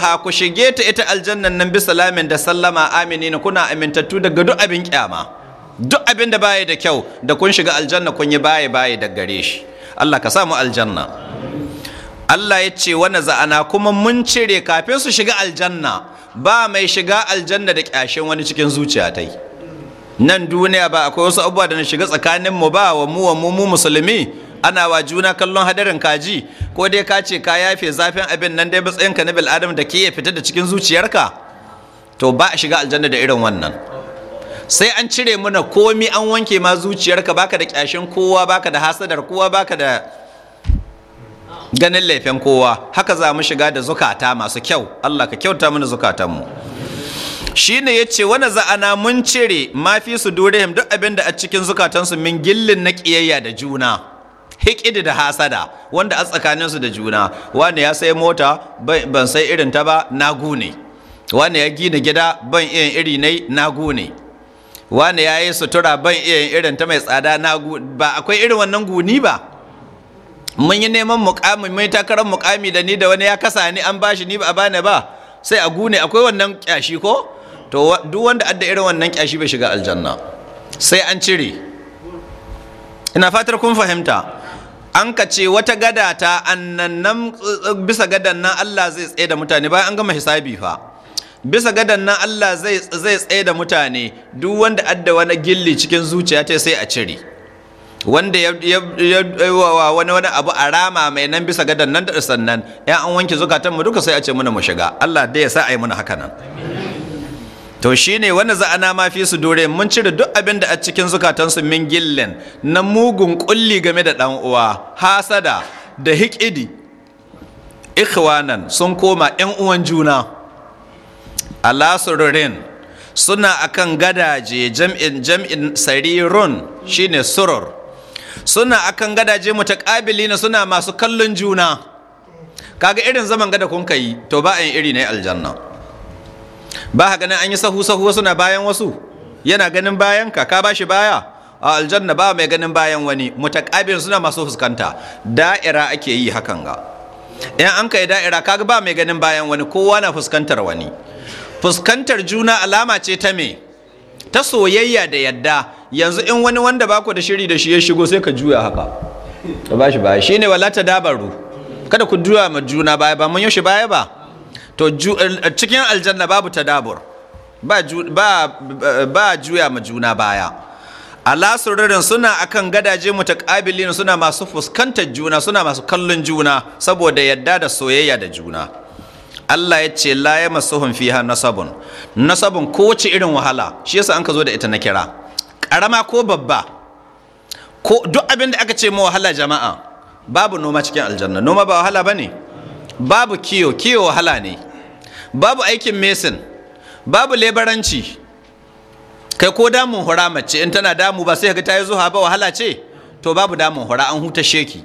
ha ku shige ta ita aljannan nan bi salamin da sallama na kuna amintattu daga duk abin kyama duk abin da baya da kyau da kun shiga aljanna kun yi baya baya da gare shi Allah ka mu aljanna Allah ya ce wani za'ana kuma mun cire kafin su shiga aljanna ba mai shiga aljanna da ƙyashin wani cikin zuciya ta yi nan duniya ba akwai wasu abubuwa da na shiga tsakanin mu ba wa mu wa mu mu musulmi ana wa juna kallon hadarin kaji ko dai ka ce ka yafe zafin abin nan dai matsayin ka na bil adam da ke ya fita da cikin zuciyarka to ba a shiga aljanna da irin wannan sai an cire mana komi an wanke ma zuciyarka baka da ƙyashin kowa baka da hasadar kowa baka da ganin laifin kowa haka za mu shiga da zukata masu kyau Allah ka kyauta mana zukatanmu ya ce wani za'ana mun cire mafi su durihim duk abin da a cikin zukatansu min gillin na ƙiyayya da juna hikidi da hasada wanda a tsakaninsu da juna wani ya sai mota ban sai irin ta ba na gune wani ya gina gida ban irin iri ne na gune wani ya yi sutura ban irin irin ta mai tsada na ba akwai irin wannan guni ba mun yi neman mukami mai takarar mukami da ni da wani ya kasa ni an bashi ni ba a bani ba sai a gune akwai wannan kyashi ko to duk wanda adda irin wannan kyashi bai shiga aljanna sai an cire ina fatar kun fahimta an ka ce wata gada ta annannan eh, bisa gadan nan Allah zai tsaye da mutane bayan an gama hisabi fa bisa gadan nan Allah zai tsaye da mutane duk wanda adda wani gilli cikin zuciya ta sai a cire wanda ya wa wani wani abu a rama mai nan bisa gadan nan da sannan 'yan an wanke zukatan mu duka sai a ce muna mu shiga Allah dai ya sa a yi muna haka nan to shine wanda za'ana ma fi su dore mun cire duk abin da a cikin zukatan su min gillen na mugun kulli game da dan uwa hasada da hikidi ikhwanan sun koma yan uwan juna alasururin suna akan gadaje jam'in jam'in sarirun shine surur suna akan gadaje mu na suna masu kallon juna kaga irin zaman gada kun kai to ba in iri ne aljanna ba ka ganin an yi sahu sahu suna bayan wasu yana ganin bayan ka ka bashi baya a aljanna ba mai ganin bayan wani mutaqabilin suna masu fuskanta da'ira ake yi hakan ga in an kai da'ira kaga ba mai ganin bayan wani kowa na fuskantar wani fuskantar juna alama ce ta me ta soyayya da yadda yanzu in wani wanda ba ku da shiri da shi ya shigo sai ka juya haka ka ba shi baya ne wala ta dabaru kada ku juya ma juna baya ba mun shi baya ba to eh, cikin aljanna babu ta ba ba juya ma juna baya ala sururin suna akan gadaje mutaqabilin suna masu fuskantar juna suna masu kallon juna saboda yadda da soyayya da juna Allah ya ce la ya masuhun ha nasabun nasabun kowace irin wahala shi yasa an ka zo da ita na kira ƙarama ko babba ko duk abin da aka ce ma wahala jama'a babu noma cikin aljanna noma ba wahala ba babu kiyo kiyo wahala ne babu aikin mesin babu lebaranci kai ko damun hura mace in tana damu ba sai ka ta yi zuha ba wahala ce to babu damun hura an huta sheki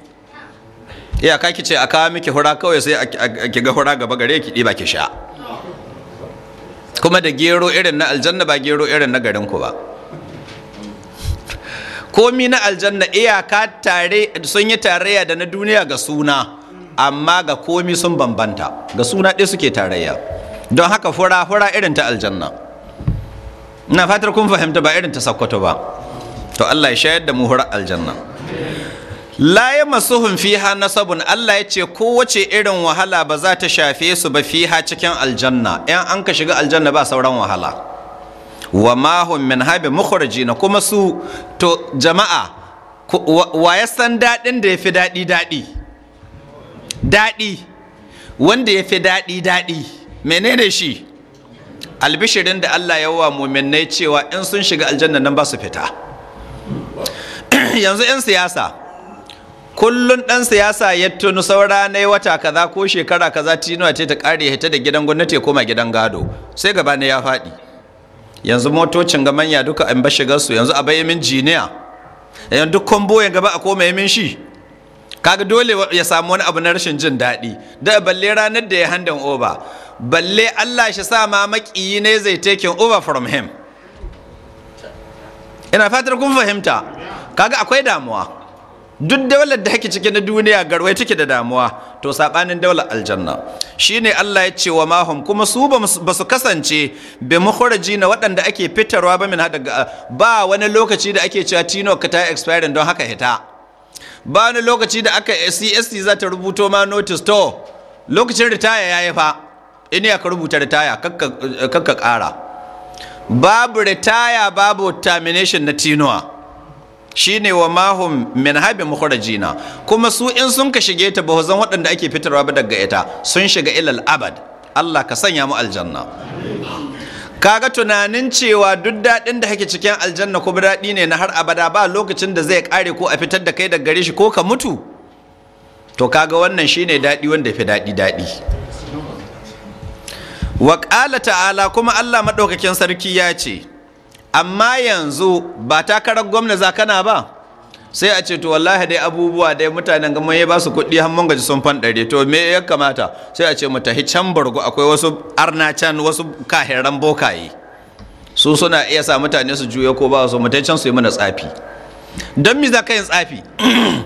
iya ka ce a kawo miki hura kawai sai a ki ga hura gaba gare ki ɗiba ki sha kuma da gero irin na aljanna ba gero irin na garin ku ba komi na aljanna iyaka tare sun yi tarayya da na duniya ga suna amma ga komi sun bambanta ga suna ɗaya suke tarayya don haka fura fura irin ta aljanna ina fatar kun fahimta ba irin ta sakkwato ba to Allah ya shayar da mu fura aljanna la ya masuhun fiha nasabun Allah ya ce kowace irin wahala ba za ta shafe su ba fiha cikin aljanna 'yan an ka shiga aljanna ba sauran wahala wa mahum min habi na kuma su to jama'a wa ya san daɗin da ya fi daɗi daɗi daɗi wanda ya fi daɗi daɗi menene shi albishirin da Allah ya wa muminai cewa in sun shiga aljanna nan ba su fita yanzu 'yan siyasa kullun ɗan siyasa ya tunu saura na wata kaza ko shekara kaza tinuwa ce ta ƙare hita da gidan gwamnati ko koma gidan gado sai gaba ne ya faɗi yanzu motocin ga manya duka an shigar su yanzu a bayyamin min jiniya yanzu duk komboyen gaba a koma yamin shi kaga dole ya samu wani abu na rashin jin daɗi da balle ranar da ya handan over balle Allah shi sa ma makiyi ne zai take over from him ina fatar kun fahimta kaga akwai damuwa duk daular da hake cike na duniya garwai take da damuwa to sabanin daular aljanna shine Allah ya ce wa mahum kuma su ba su kasance bi mukhraji na waɗanda ake fitarwa ba min hada ba wani lokaci da ake cewa tino ka ta expire don haka hita ba wani lokaci da aka CST za ta rubuto ma notice to lokacin ritaya yayi fa in ya ka rubuta ritaya kakka kakka ƙara babu ritaya babu termination na tinoa shine wa mahum min habi mukhrajina kuma su in sun ka shige ta ba waɗanda ake fitarwa ba daga ita sun shiga ilal abad Allah ka sanya mu aljanna kaga tunanin cewa duk daɗin da kake cikin aljanna ko daɗi ne na har abada ba lokacin da zai kare ko a fitar da kai daga gare shi ko ka mutu to kaga wannan shine daɗi wanda fi daɗi daɗi wa ta'ala kuma Allah maɗaukakin sarki ya ce amma yanzu ba takarar gwamna za kana ba sai a ce to wallahi dai abubuwa dai mutanen gama ya ba su kuɗi hannun gaji sun fanɗare to me ya kamata sai a ce mu tahi can bargo akwai wasu arna can wasu kahiran bokaye su suna iya sa mutane su juya ko ba su mutai can su yi mana tsafi don mi za ka yin tsafi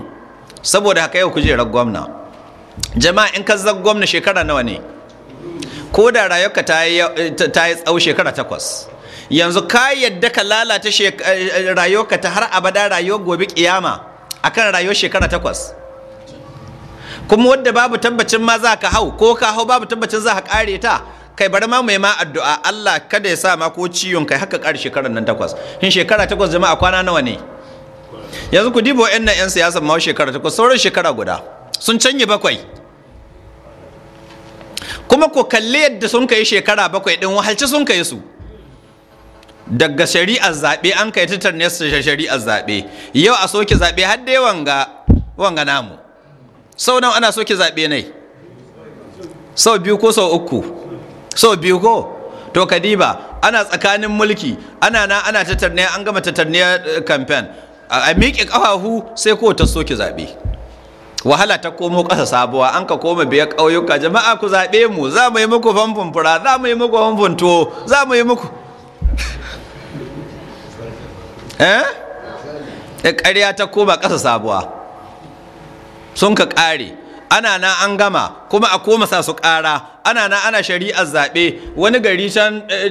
saboda haka yau kujerar gwamna jama'a in ka zag gwamna shekara nawa ne ko da rayuwarka ta yi tsawo shekara takwas yanzu ka yadda ka lalata eh, eh, rayuwarka ta har abada rayuwar gobe kiyama akan rayuwar shekara takwas kuma wadda babu tabbacin ma za ka hau ko ka hau babu tabbacin za ka kare ta kai bari ma mai ma addu'a Allah kada ya sa ma ko ciwon kai haka kare shekarar nan takwas shin shekara takwas jama'a kwana nawa ne yanzu ku dibo yan nan yan siyasar ma shekara takwas sauran shekara guda sun canye bakwai kuma ku kalli yadda sun kai shekara bakwai din wahalci sun kai su daga shari'ar zaɓe an kai titar ne shari'ar zaɓe yau a soke zaɓe har dai wanga wanga namu sau nawa ana soke zaɓe ne sau biyu ko sau uku sau biyu ko to kadiba ana tsakanin mulki ana na ana tattarne an gama tattarne eh, campaign a miƙe ƙafafu sai ko ta soke zaɓe wahala ta komo ƙasa sabuwa an ka koma biya ƙauyuka jama'a ku zaɓe mu za mu yi muku fanfun fura za mu yi muku fanfun tuwo za mu yi muku Eh? Eh, ƙarya ta koma ƙasa sabuwa sun ka ƙare ana na an gama kuma a koma sa su ƙara ana na ana shari'ar zaɓe wani gari can eh,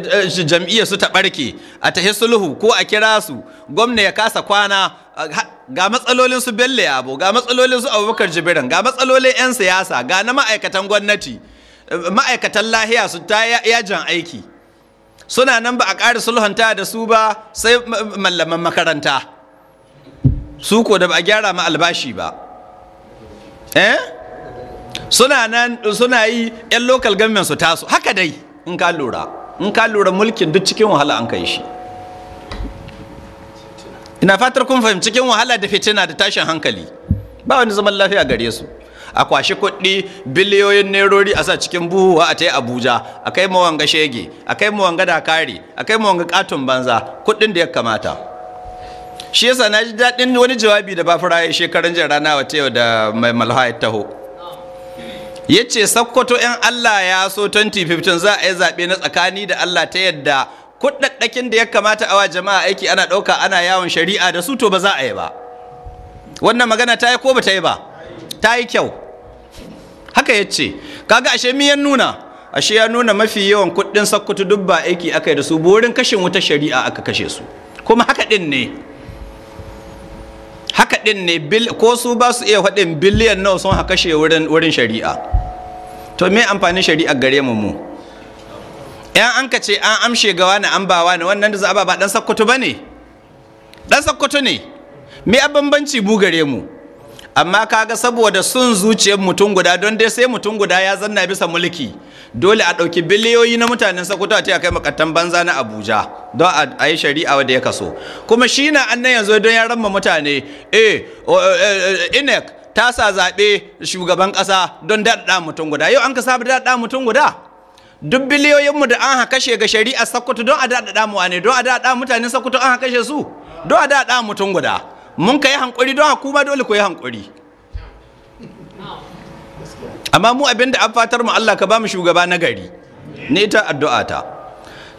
jam'iyyar su ta ɓarke a tahi sulhu ko a kira su gwamna ya kasa kwana ga matsalolin su bello yabo ga matsalolin su abubakar jibirin ga matsalolin 'yan siyasa ga na ma'aikatan gwamnati ma'aikatan lahiya su ta yajin aiki suna nan ba a ƙara sulhunta da su ba sai mallaman makaranta su ko da ba a gyara ma albashi ba eh suna nan suna yi yan lokal government su taso haka dai in ka lura in ka lura mulkin duk cikin wahala an kai shi ina fatar kun fahimci cikin wahala da fitina da tashin hankali ba wani zaman lafiya gare su a kwashi kuɗi biliyoyin nerori a sa cikin buhu a ta abuja a kai mawanga shege a kai mawanga dakari a kai mawanga katon banza kuɗin da ya kamata shi yasa na ji daɗin wani jawabi da bafura ya shekaran jin rana wata yau da mai malhaya taho ya ce sakkwato 'yan allah ya so 2015 za a yi zaɓe na tsakani da allah ta yadda kuɗaɗɗakin da ya kamata a wa jama'a aiki ana ɗauka ana yawon shari'a da su to ba za a yi ba wannan magana ta yi ko ba ta yi ba ta yi kyau haka ya ce kaga ashe mi ya nuna ashe ya nuna mafi yawan kuɗin sakkutu dubba aiki aka yi da su burin kashin wuta shari'a aka kashe su kuma haka din ne haka din ne ko su ba su iya faɗin biliyan nawa sun haka kashe wurin shari'a to me amfanin shari'a gare mu mu yan an ka ce an amshe ga wani an ba wani wannan da za a ba ba ɗan sakkutu ba ne ɗan sakkutu ne me a bambanci mu gare mu amma kaga saboda sun zuciyar mutum guda don dai sai mutum guda ya zanna bisa mulki dole a ɗauki biliyoyi na mutanen sokoto a ce a kai makattan banza na abuja don a yi shari'a wadda ya kaso kuma shi na annan yanzu don ya ramma mutane eh, eh, eh inec ta sa zaɓe shugaban ƙasa don daɗa mutum guda yau an ka sabu daɗa mutum guda duk biliyoyinmu da an kashe ga shari'a sokoto don a daɗa mu ne don a daɗa mutanen sokoto an kashe su don a daɗa mutum guda mun ka yi hankuri don haku ba dole ku yi hankuri amma mu abin da an fatar mu Allah ka ba mu shugaba na gari ni ta addu'a ta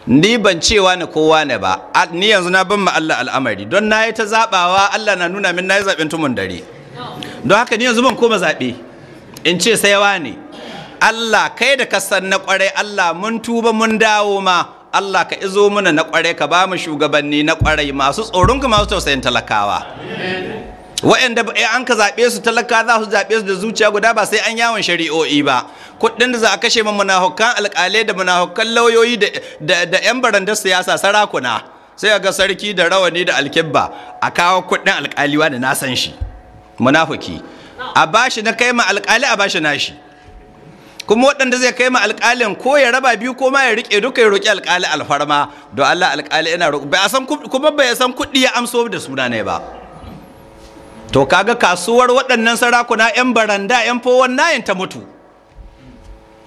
ni ban cewa na kowa ne ba ni yanzu na bin mu Allah al'amari don na yi ta zabawa Allah na nuna min na yi zaɓen tumun dare don haka ni yanzu ban koma zaɓe in ce sai ne Allah kai da kasan na kwarai Allah mun tuba mun dawo ma Allah ka izo mana na kwarai ka ba mu shugabanni na kwarai masu ka masu tausayin talakawa wa'anda eh, an ka zaɓe su talaka za su zaɓe su da zuciya guda ba sai an yawon shari'o'i ba kuɗin da za a kashe ma alƙalai da kan lauyoyi da 'yan barandar siyasa sarakuna sai ga sarki da rawani da alkibba a kawo kuɗin alƙaliwa da na san shi munafuki a bashi na kai ma alƙali a bashi na shi kuma waɗanda zai kai ma alƙalin ko ya raba biyu ko ma ya riƙe duka ya roƙi alƙali alfarma don Allah alƙali yana roƙo bai san kuma bai san kuɗi ya amso da suna ne ba to kaga kasuwar waɗannan sarakuna yan baranda yan fowon nayin ta mutu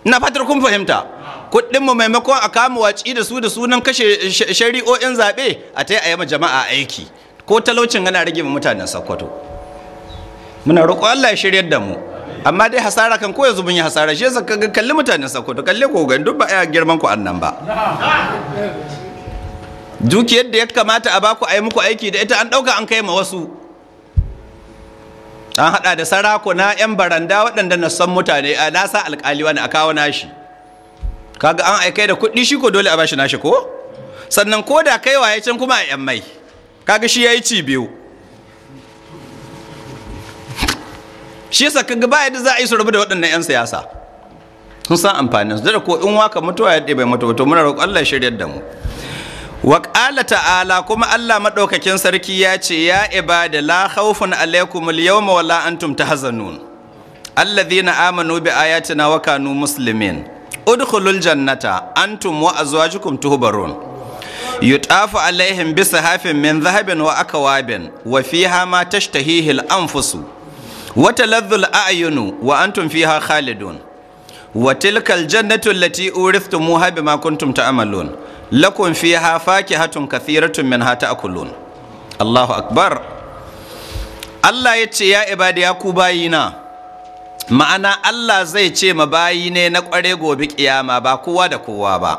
Ina fatar kun fahimta kuɗin mu maimakon a kama waci da su da sunan kashe shari'o'in zaɓe a ta yi ma jama'a aiki ko talaucin gana rage ma mutanen sakkwato muna roƙo Allah ya shiryar da mu amma dai hasara kan koya zubin mun yi hasara shi yasa kaga kalli mutanen sako da kalle ko gan duk ba a girman ku annan ba dukiyar da ya kamata a baku a yi muku aiki da ita an dauka an kai ma wasu an hada da sarakuna yan baranda waɗanda na san mutane a nasa alkali wani a kawo nashi kaga an aikai da kuɗi shi ko dole a bashi nashi ko sannan ko da kaiwa ya can kuma a yan mai kaga shi ya yi ci biyu shi yasa kaga ba yadda za a yi su rabu da waɗannan 'yan siyasa sun san amfanin su da ko in waka mutuwa ya bai mutu to muna roƙon Allah shirya da mu wa ta'ala kuma Allah maɗaukakin sarki ya ce ya ibada la khawfun alaikum al-yawma wa la antum tahzanun alladhina amanu bi ayatina wa kanu muslimin udkhulul jannata antum wa azwajukum tuhbarun yutafu alaihim bisa hafin min zahabin wa akawabin wa fiha ma tashtahihi al-anfusu wata ladhul a'yunu wa antum fiha khalidun wa tilkal jannatu allati uristumuha bima kuntum ta'malun lakum fiha fakihatun kathiratun minha ta'kulun Allahu akbar Allah ya ce ya ibada ya ku bayina ma'ana Allah zai ce ma bayi ne na kware gobe ƙiyama ba kowa da kowa ba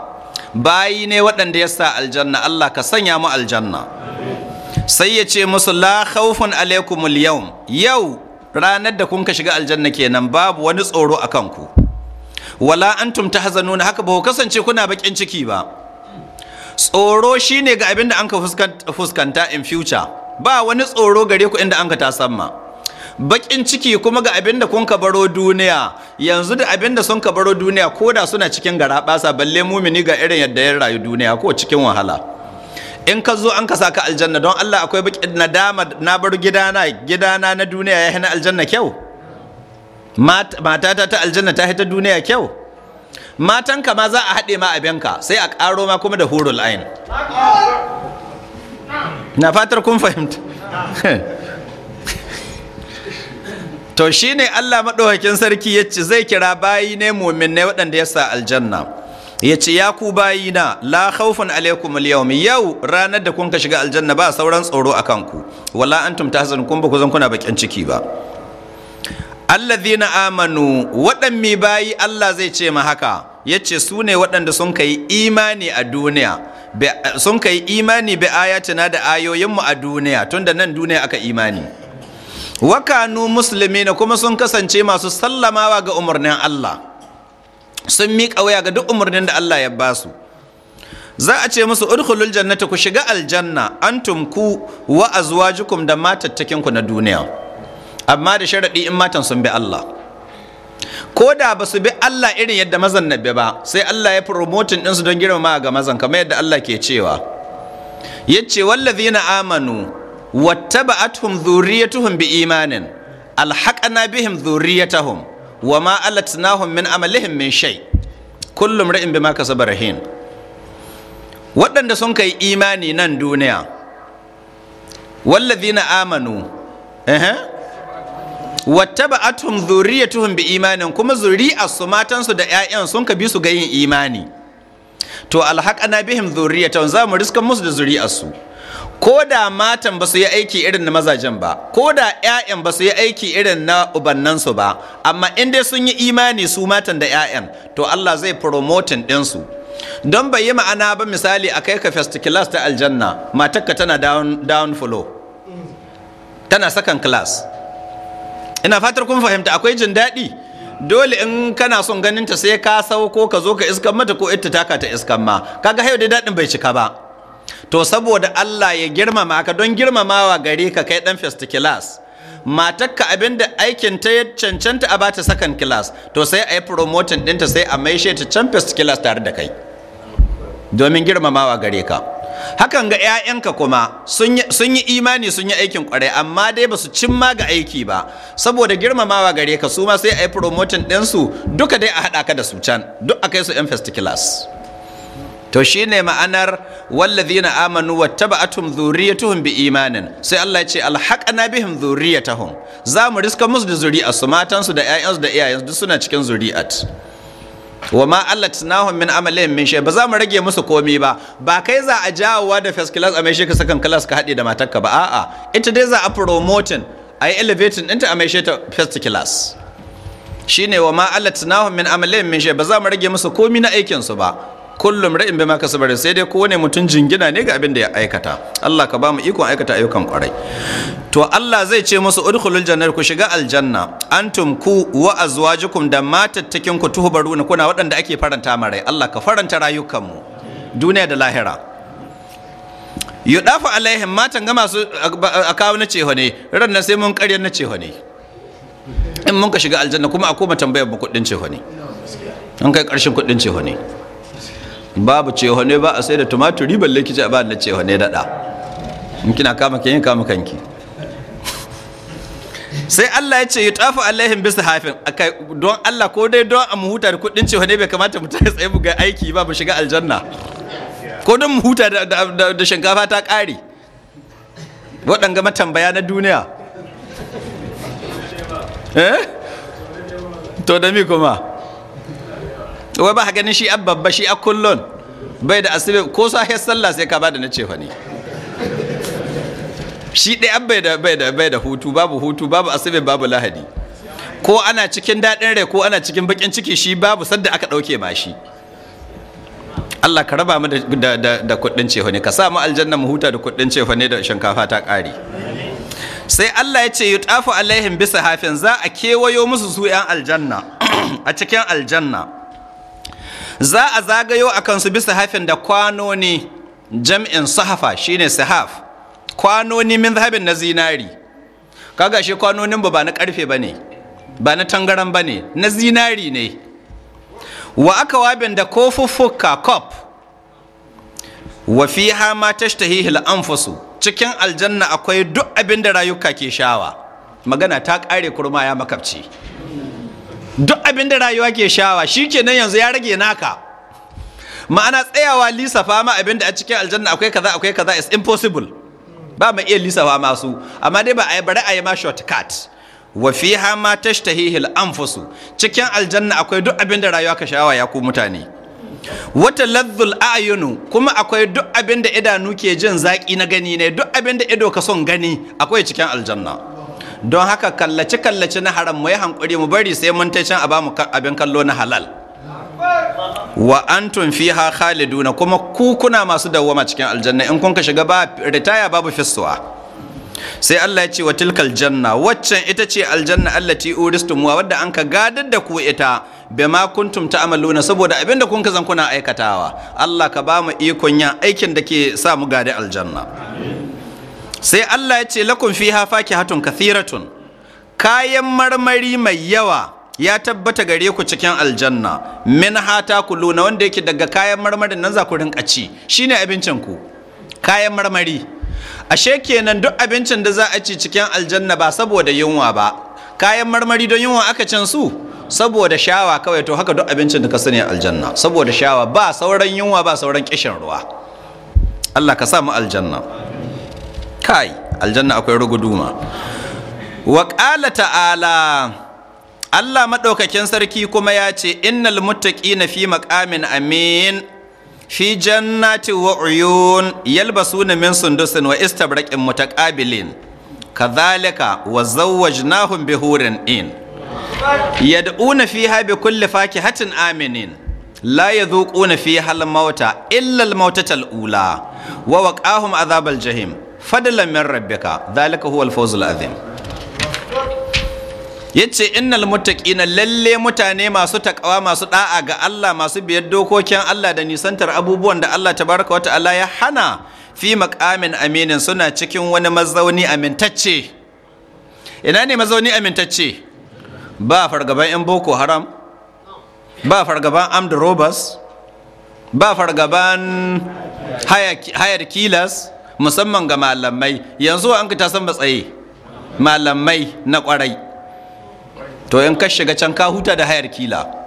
bayi ne waɗanda ya sa aljanna Allah ka sanya mu aljanna sai ya ce musu la khawfun alaikumul yawm yau ranar da kun shiga aljanna kenan babu wani tsoro a kanku wala antum tahzanuna haka ba ku kasance kuna bakin ciki ba tsoro shine ga abin da an ka fuskanta in future ba wani tsoro gare ku inda an ka ta samma. Baƙin ciki kuma ga abin da kun ka baro duniya yanzu da abin da sun ka baro duniya koda suna cikin garabasa balle mumini ga irin yadda ya rayu duniya ko cikin wahala in ka zo an ka saka aljanna don Allah akwai baki nadama na bar gidana gidana na duniya ya hina aljanna kyau matata ta aljanna ta hita duniya kyau matanka ma za a haɗe ma abinka sai a ƙaro ma kuma da hurul ain na fatar kun fahimta to shine Allah maɗaukakin sarki ya ce zai kira bayi ne mumin ne waɗanda ya sa aljanna ya ce ya ku bayina la khawfun alaikum al yau ranar da kun ka shiga aljanna ba sauran tsoro akan ku wala antum tahzan kun ba ku zan kuna bakin ciki ba alladhina amanu wadan mi bayi Allah zai ce ma haka yace su ne waɗanda sun kai imani a duniya sun kai imani bi ayatina da ayoyinmu a duniya tunda nan duniya aka imani wakanu musulmi kuma sun kasance masu sallamawa ga umarnin Allah sun miƙa waya ga duk umarnin da Allah ya ba su za a ce musu udkhulul jannata ku shiga aljanna antum ku wa azwajukum da matattakin ku na duniya amma da sharadi in matan sun bi Allah ko da ba su bi Allah irin yadda mazan na ba sai Allah ya promoting din su don girmama ga mazan kamar yadda Allah ke cewa yace wallazina amanu wattaba'atuhum dhurriyyatuhum bi imanin alhaqana bihim dhurriyyatuhum wa ma alatnahum min amalihim min shay kullum ra'in bima kasaba rahin waɗanda sun kai imani nan duniya wallazina amanu eh wattaba'atuhum dhurriyyatuhum bi imanin kuma zuri'a su matansu da 'ya'yan sun ka bi su ga yin imani to alhaqana bihim ta, za mu riskan musu da zuri'a su. ko da matan ba su yi aiki irin na mazajen ba ko da 'ya'yan ba su yi aiki irin na ubannansu ba amma in dai sun yi imani su matan da 'ya'yan to Allah zai promoting ɗinsu don bai yi ma'ana ba misali a kai ka first class ta aljanna matakka tana down, down flow tana second class ina fatar kun fahimta akwai jin daɗi dole in kana son ganin ta sai ka sauko ka zo ka iskan mata ko ita taka ta iskan ma kaga hayo dai daɗin bai cika ba to saboda Allah ya girmama ka don girmamawa gare ka kai dan first class matakka abinda aikin ta ya cancanta a bata second class to sai a yi promoting dinta sai a maishe ta can first class tare da kai domin girmamawa gare ka hakan ga 'ya'yanka kuma sun yi imani sun yi aikin kwarai amma dai ba su cimma ga aiki ba saboda girmamawa gare ka su ma sai a yi promoting ɗinsu duka dai a haɗa ka da su can duk a kai su 'yan first class to shi ne ma'anar wallazina amanu wattaba'atum bi imanin. sai Allah ya ce alhaqna bihim dhurriyyatahum za mu riska musu da su, matansu da 'ya'yansu da iyayensu duk suna cikin zuri'at wa ma Allah tunahun min amalin min shay ba za mu rage musu komi ba ba kai za a jawowa da first class a mai shi ka sakan class ka haɗe da matarka ba a'a ita dai za a promoting a yi elevating ɗinta a mai shi ta first class shine wa ma tunahun min amalin min shay ba za mu rage musu komi na aikinsu ba kullum ra'in bai maka bari. sai dai kowane mutum jingina ne ga abin da ya aikata Allah ka ba mu ikon aikata ayyukan kwarai to Allah zai ce musu udkhulul jannar ku shiga aljanna antum ku wa azwajukum da matattakin ku tuhbaruna kuna waɗanda ake faranta marai Allah ka faranta rayukan mu duniya da lahira yudafa alaihim matan ga masu akawo na ceho ne ran sai mun ƙaryar na ceho ne in mun ka shiga aljanna kuma a koma tambayar mu kuɗin ceho ne an kai ƙarshen kuɗin ceho ne babu ne ba a sai da tumaturi balle kici a ba da ne daɗa in kina kama kanki kama kanki sai Allah ya ce yi tafi alaihim bisa hafin don Allah ko dai don a huta da kudin cewa ne bai kamata mu ya tsaye ga aiki ba mu shiga aljanna ko don mu huta da shinkafa ta ƙari waɗanga matambaya na duniya eh to da mi kuma wai ba ganin shi an babba shi a kullun bai da asibe ko sahiyar sallah sai ka bada na fa ne shi ɗaya bai da bai da bai da hutu babu hutu babu asibe babu lahadi ko ana cikin daɗin rai ko ana cikin bakin ciki shi babu sadda aka ɗauke ma shi Allah ka raba mu da da da kuɗin cefa ne ka sa mu aljanna mu huta da kuɗin cefa ne da shinkafa ta ƙare sai Allah ya ce yutafu alaihim bisa hafin za a kewayo musu su 'yan aljanna a cikin aljanna za a zagayo a kansu bisa hafin da kwanoni jam'in sahafa shine sahaf kwanoni min zahabin na zinari kaga shi kwanonin ba na karfe ba ne, ba na tangaran ba ne. na zinari ne wa aka wabin da kofuffuka kop wa fiha ma ta al-anfusu cikin aljanna akwai duk abin da rayuka ke shawa magana ta kare kurma ya makabci duk abin da rayuwa ke shawa shi kenan yanzu ya rage naka ma'ana tsayawa lisafa ma abin da a cikin aljanna akwai kaza akwai kaza is impossible ba mu iya lisafa masu amma dai ba a bari a yi ma shortcut wa fiha ma tashtahihi al-anfusu cikin aljanna akwai duk abin da rayuwa ka shawa ya ku mutane wata ladzul ayunu kuma akwai duk abin da idanu ke jin zaki na gani ne duk abin da ido ka son gani akwai cikin aljanna don haka kallace kallace na haram mu yi hankuri mu bari sai mun taicin a bamu abin kallo na halal wa antum fiha khaliduna kuma ku kuna masu dawwama cikin aljanna in kun ka shiga ba ritaya babu fissuwa sai Allah ya ce wa tilkal janna waccan ita ce aljanna allati uristumuwa wadda an ka gadar da ku ita ma kuntum amaluna saboda abin da kun ka zan kuna aikatawa Allah ka ba mu ikon yin aikin da ke sa mu gadi aljanna sai Allah ya ce hafa ki hatun kathiratun kayan marmari mai yawa ya tabbata gare ku cikin aljanna min hata ku na wanda yake daga kayan marmarin nan za ku rinka ci shine abincin ku kayan marmari ashe kenan duk abincin da za a ci cikin aljanna ba saboda yunwa ba kayan marmari don yunwa aka cin su saboda shawa kawai to haka duk abincin da ka sani aljanna saboda shawa ba sauran yunwa ba sauran kishin ruwa Allah ka sa mu aljanna kai aljanna akwai ruguduma wa ƙala ta'ala Allah maɗaukakin sarki kuma ya ce innal na fi maƙamin amin fi jannati wa uyun suna min sundusin wa istabraqin mutaqabilin kadhalika wa zawwajnahum bihurin in yad'una fiha bi kulli fakihatin aminin la yadhuquna fiha al-mauta illa al-mautatal ula wa waqahum adhabal jahim fadlan min rabbika dhalika huwal fawzul azim yace innal muttaqina lalle mutane masu takawa masu da'a ga Allah masu biyar dokokin Allah da nisantar abubuwan da Allah tabaraka wa ta'ala ya hana fi maqamin aminin suna cikin wani mazauni amintacce ina ne mazauni amintacce ba fargaban yan boko haram ba fargaban armed robbers ba fargaban hayar kilas musamman ga malamai yanzu an ka san matsayi malamai na kwarai to in ka shiga can ka huta da hayar kila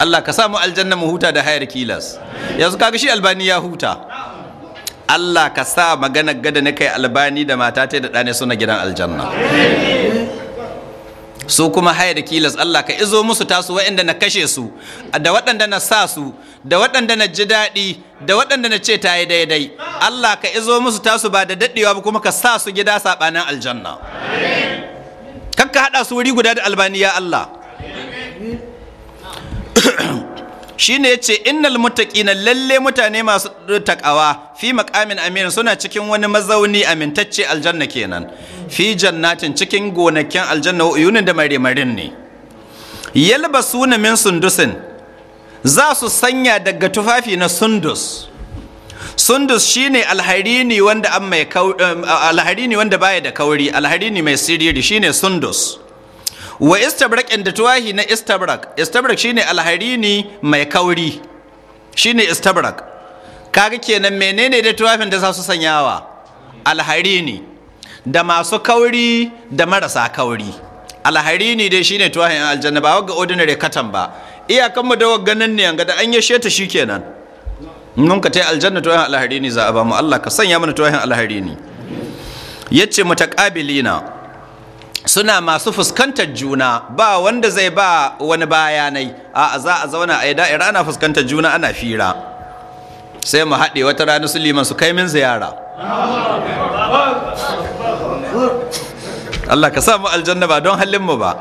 Allah ka samu aljanna mu huta da hayar kilas yanzu kaga shi albani ya huta Allah ka sa magana gada na kai albani da mata ta da ɗane suna gidan aljanna su kuma hayar kilas Allah ka izo musu tasu waɗanda na kashe su da waɗanda na sa su da waɗanda na ji daɗi da waɗanda na ce ta yi daidai Allah ka izo musu tasu ba da daɗewa ba kuma ka sa su gida saɓanin aljanna ka haɗa su wuri guda da albaniya Allah Shi shine yace innal na lalle mutane masu takawa fi maƙamin amin suna cikin wani mazauni amintacce aljanna kenan fi jannatin cikin gonakin aljanna uyunin da maremarin ne Yalba suna min sundusin za su sanya daga tufafi na sundus sundus shine alhari ne wanda an mai alhari ne wanda baya da kauri alhari ne mai siriri shine sundus wa istabrak da tuwahi na istabrak. Istabrak shine alhari ne mai kauri shine istabrak kaga kenan menene da tuwafin da za su sanyawa alhari ne da masu kauri da marasa kauri alhari ne dai shine tuwahin aljanna ba ga ordinary katan ba iyakan mu da ganin ne ga da an yashe ta shikenan mun ka tai aljanna to yan alhari ne za a ba mu Allah ka sanya mana to alharini. alhari ne yace mutaqabilina suna masu fuskantar juna ba wanda zai ba wani bayanai a za a zauna a yi ira ana fuskantar juna ana fira sai mu haɗe wata rana su liman su kai min ziyara Allah ka samu aljanna ba don halin mu ba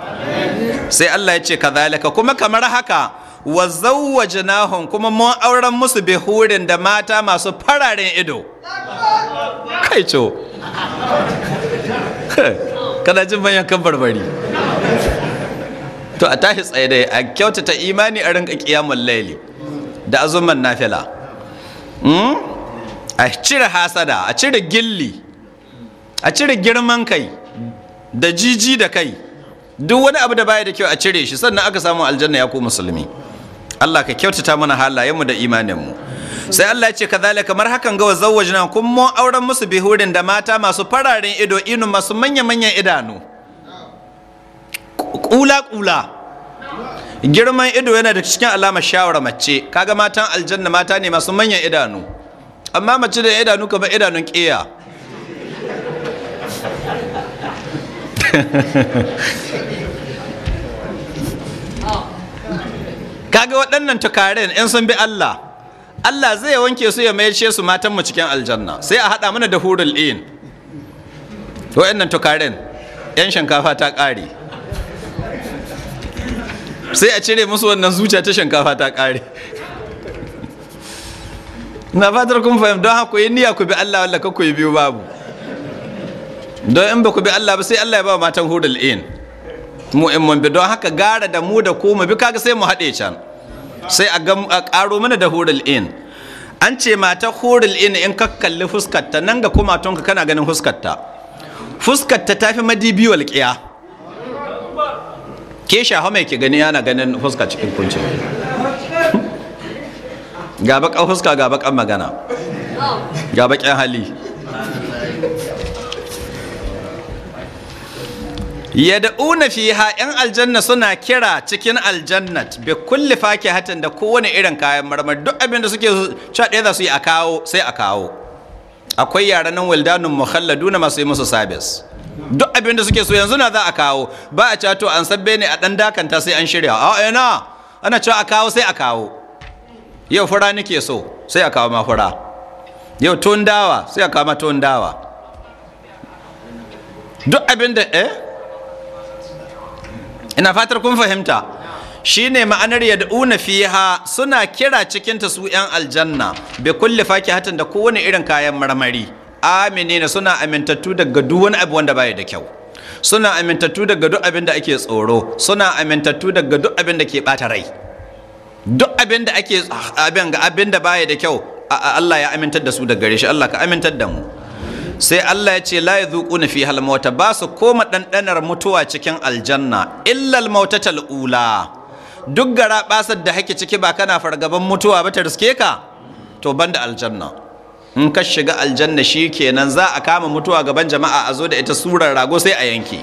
sai Allah ya ce kazalika kuma kamar haka wa zawwajnahum kuma mun auren musu hurin da mata masu fararen ido kai co kana jin manyan kan barbari to a tashi tsaye dai a kyautata imani a rinka kiyamun laili da azuman nafila hmm? a cire hasada a cire gilli a cire girman kai da jiji da kai duk wani abu da baya da kyau a cire shi sannan aka samu aljanna ya ku musulmi Allah ka kyautata mana halayenmu da imaninmu sai Allah ya ce kazalika kamar hakan ga wazawajna kun mun auren musu bihurin da mata masu fararen ido inu masu manya manyan idanu kula kula girman ido yana da cikin alamar shawara mace kaga matan aljanna mata ne masu manyan idanu amma mace da idanu kamar idanun ƙeya kaga waɗannan tukarin in sun bi Allah Allah zai wanke su ya mayarce su matanmu cikin aljanna sai a haɗa mana da hurul in waɗannan tukarin yan shinkafa ta ƙare sai a cire musu wannan zuciya ta shinkafa ta ƙare na fatar kun fahimta don haku yi niyya ku bi Allah wallaka ku yi biyu babu don in ba ku bi Allah ba sai Allah ya ba matan hudul in mu in mun bi don haka gara da mu da ku mu bi kaga sai mu haɗe can sai a ƙaro mana da hudul in an ce mata hudul in in ka kalli fuskarta nan ga kuma tonka kana ganin fuskarta fuskarta ta fi madibi walƙiya ke shaho mai ke gani yana ganin fuska cikin kunci ga baƙar fuska ga baƙar magana ga baƙin hali una fiha yan aljanna suna kira cikin aljannat bi kulli hatan da kowane irin kayan marmari duk abin da suke cha ɗaya za su yi a kawo sai a kawo akwai yara nan wildanun na masu yi musu sabis duk abin da suke so yanzu na za a kawo ba a cato an sabbe ne a dan dakanta sai an shirya a ina ana cewa a kawo sai a kawo yau fura nake so sai a kawo ma fura yau tun dawa sai a kawo ma tun dawa duk abin da eh ina fatar kun fahimta shine ma'anar yad'una fiha suna kira cikin su yan aljanna bai kulle faki hatin da kowane irin kayan marmari na suna amintattu daga duk wani abu wanda baya da kyau suna amintattu daga duk abin da ake tsoro suna amintattu daga duk abin da ke bata rai duk abin da ake ah, abin ga abin da baya da kyau Allah ya amintar da su daga gare shi Allah ka amintar da mu sai Allah ya ce zuƙu na fi halmauta ba su koma ɗanɗanar mutuwa cikin aljanna illal mauta tal'ula. duk gara ɓasar da hake ciki ba kana fargaban mutuwa ba ta riske ka to ban da aljanna in ka shiga aljanna shi kenan za a kama mutuwa gaban jama'a a zo da ita surar rago sai a yanke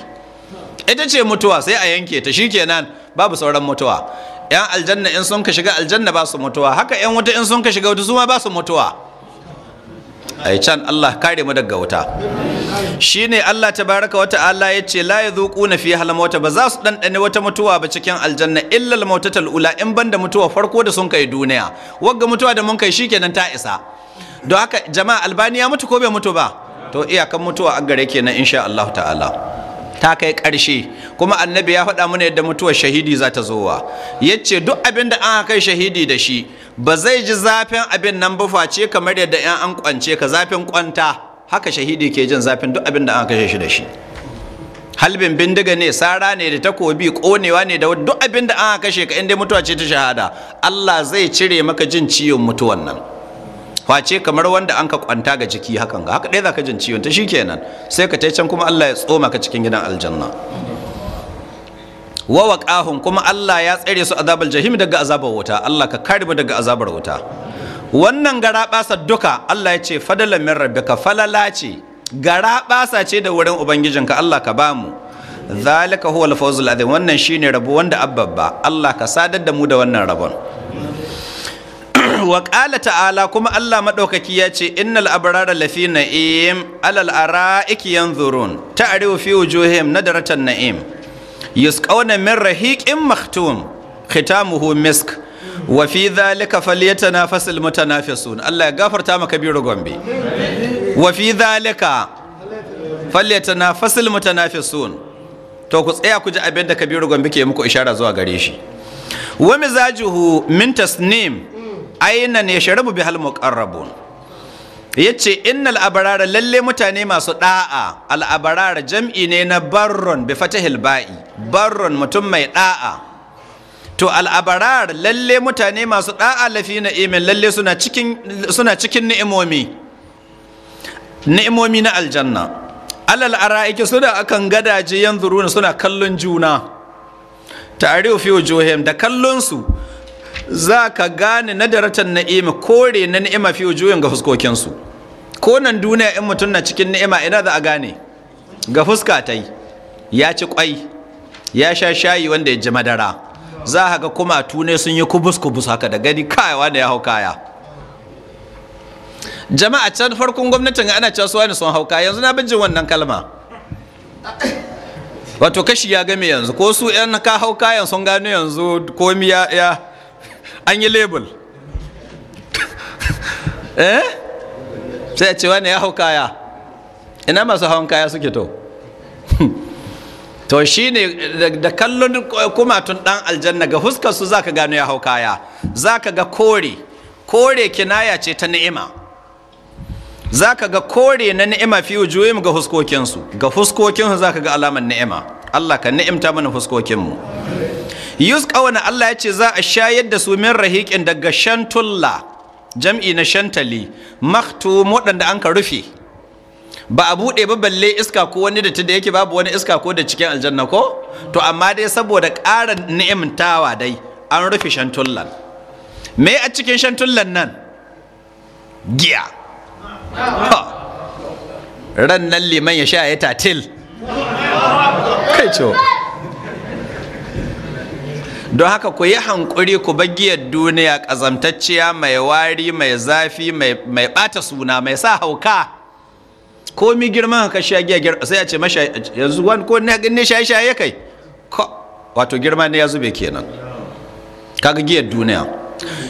ita ce mutuwa sai a yanke ta shi kenan babu sauran mutuwa yan aljanna in sun ka shiga aljanna ba su mutuwa haka yan wuta in sun ka shiga wuta su ma ba su mutuwa yi can Allah kare mu daga wuta Shi ne Allah ta baraka wata allah ya ce la ya yadhuquna fiye hal mauta ba za su ɗanɗane wata mutuwa ba cikin aljanna illa mota talula in in banda mutuwa farko da sun kai duniya wagga mutuwa da mun kai shi kenan ta isa don haka jama'a albani ya mutu ko bai mutu ba to iyakan mutuwa a gare kenan insha Allah ta'ala ta kai ƙarshe kuma annabi ya faɗa mana yadda mutuwar shahidi za ta zowa ya ce duk abin da an kai shahidi da shi ba zai ji zafin abin nan ba face kamar yadda yan an kwance ka zafin kwanta haka shahidi ke jin zafin duk abin da an kashe shi da shi halbin bindiga ne sara ne da takobi konewa ne da duk abin da an kashe ka inda mutuwa ce ta shahada Allah zai cire maka jin ciwon mutuwan nan face kamar wanda an ka kwanta ga jiki hakan ga haka ɗaya za ka jin ciwon ta kenan sai ka taicen kuma Allah ya tsoma ka cikin gidan aljanna wa waqahum kuma Allah ya tsare su azabar jahim daga azabar wuta Allah ka kare daga azabar wuta wannan gara basa duka Allah ya ce fadalan min rabbika falala ce gara basa ce da wurin ubangijinka Allah ka bamu zalika huwa al-fawzul azim wannan shine rabo wanda abbabba Allah ka sadar da mu da wannan rabon wa ƙala ta'ala kuma Allah maɗaukaki ya ce innal abrara lafi na'im alal ara'iki yanzurun ta'rifu fi wujuhim daratan na'im yusqawna min rahiqin maktum khitamuhu misk wa fi dhalika falyatanafasul mutanafisun Allah ya gafarta maka biro gombe wa fi dhalika falyatanafasul mutanafisun to ku tsaya ku ji abin da kabiru gombe ke muku ishara zuwa gare shi wa mizajuhu min tasnim aina ya sharabu bi hal muqarrabun yace innal abrara lalle mutane masu da'a al abrara jam'i ne na barron bi fatahil ba'i barron mutum mai da'a to al abrar lalle mutane masu da'a lafi na imin lalle suna cikin suna cikin ni'imomi ni'imomi na aljanna alal ara'iki suna akan gadaje yanzuruna suna kallon juna ta'rifu fi wujuhim da kallon su za ka gane nadaratan na'ima kore na ni'ima fi wujuhin ga fuskokinsu ko nan duniya in mutum na cikin ni'ima ina za a gane ga fuska ta yi ya ci kwai ya sha shayi wanda ya ji madara za a ga kuma tunai sun yi kubus kubus haka da gani kaya wanda ya hau kaya jama'a can farkon gwamnatin ana casuwa ne sun hau kaya yanzu na bijin wannan kalma wato kashi ya game yanzu ko su yan ka hau kayan sun gano yanzu komi ya an yi label eh sai ce wani ya hau kaya ina masu hawan kaya suke to to shi ne da kallon kumatun dan aljanna ga huskarsu za ka gano ya hau kaya za ka ga kore kore kinaya ce ta ni'ima za ka ga kore na ni'ima fi mu ga huskokinsu ga huskokinsu za ka ga alamar ni'ima Allah ka ni'imta mana mu. Yus yusqawna Allah ya ce za a shayar da su min rahikin daga shantulla jam'i na shantali maktu waɗanda an ka rufe ba a buɗe ba balle iska ko wani da da yake babu wani iska ko da cikin aljanna ko to amma dai saboda ƙara ni'imtawa dai an rufe shantullan me a cikin shantullan nan giya ran nan liman ya sha ya tatil don haka ku yi hankuri ku bagiyar duniya ƙazamtacciya mai wari mai zafi mai ɓata suna mai sa hauka komi girman haka shi ya sai a ce masha yanzu wani ko na ganin shaye-shaye kai wato girma ne ya zube kenan kaga giyar duniya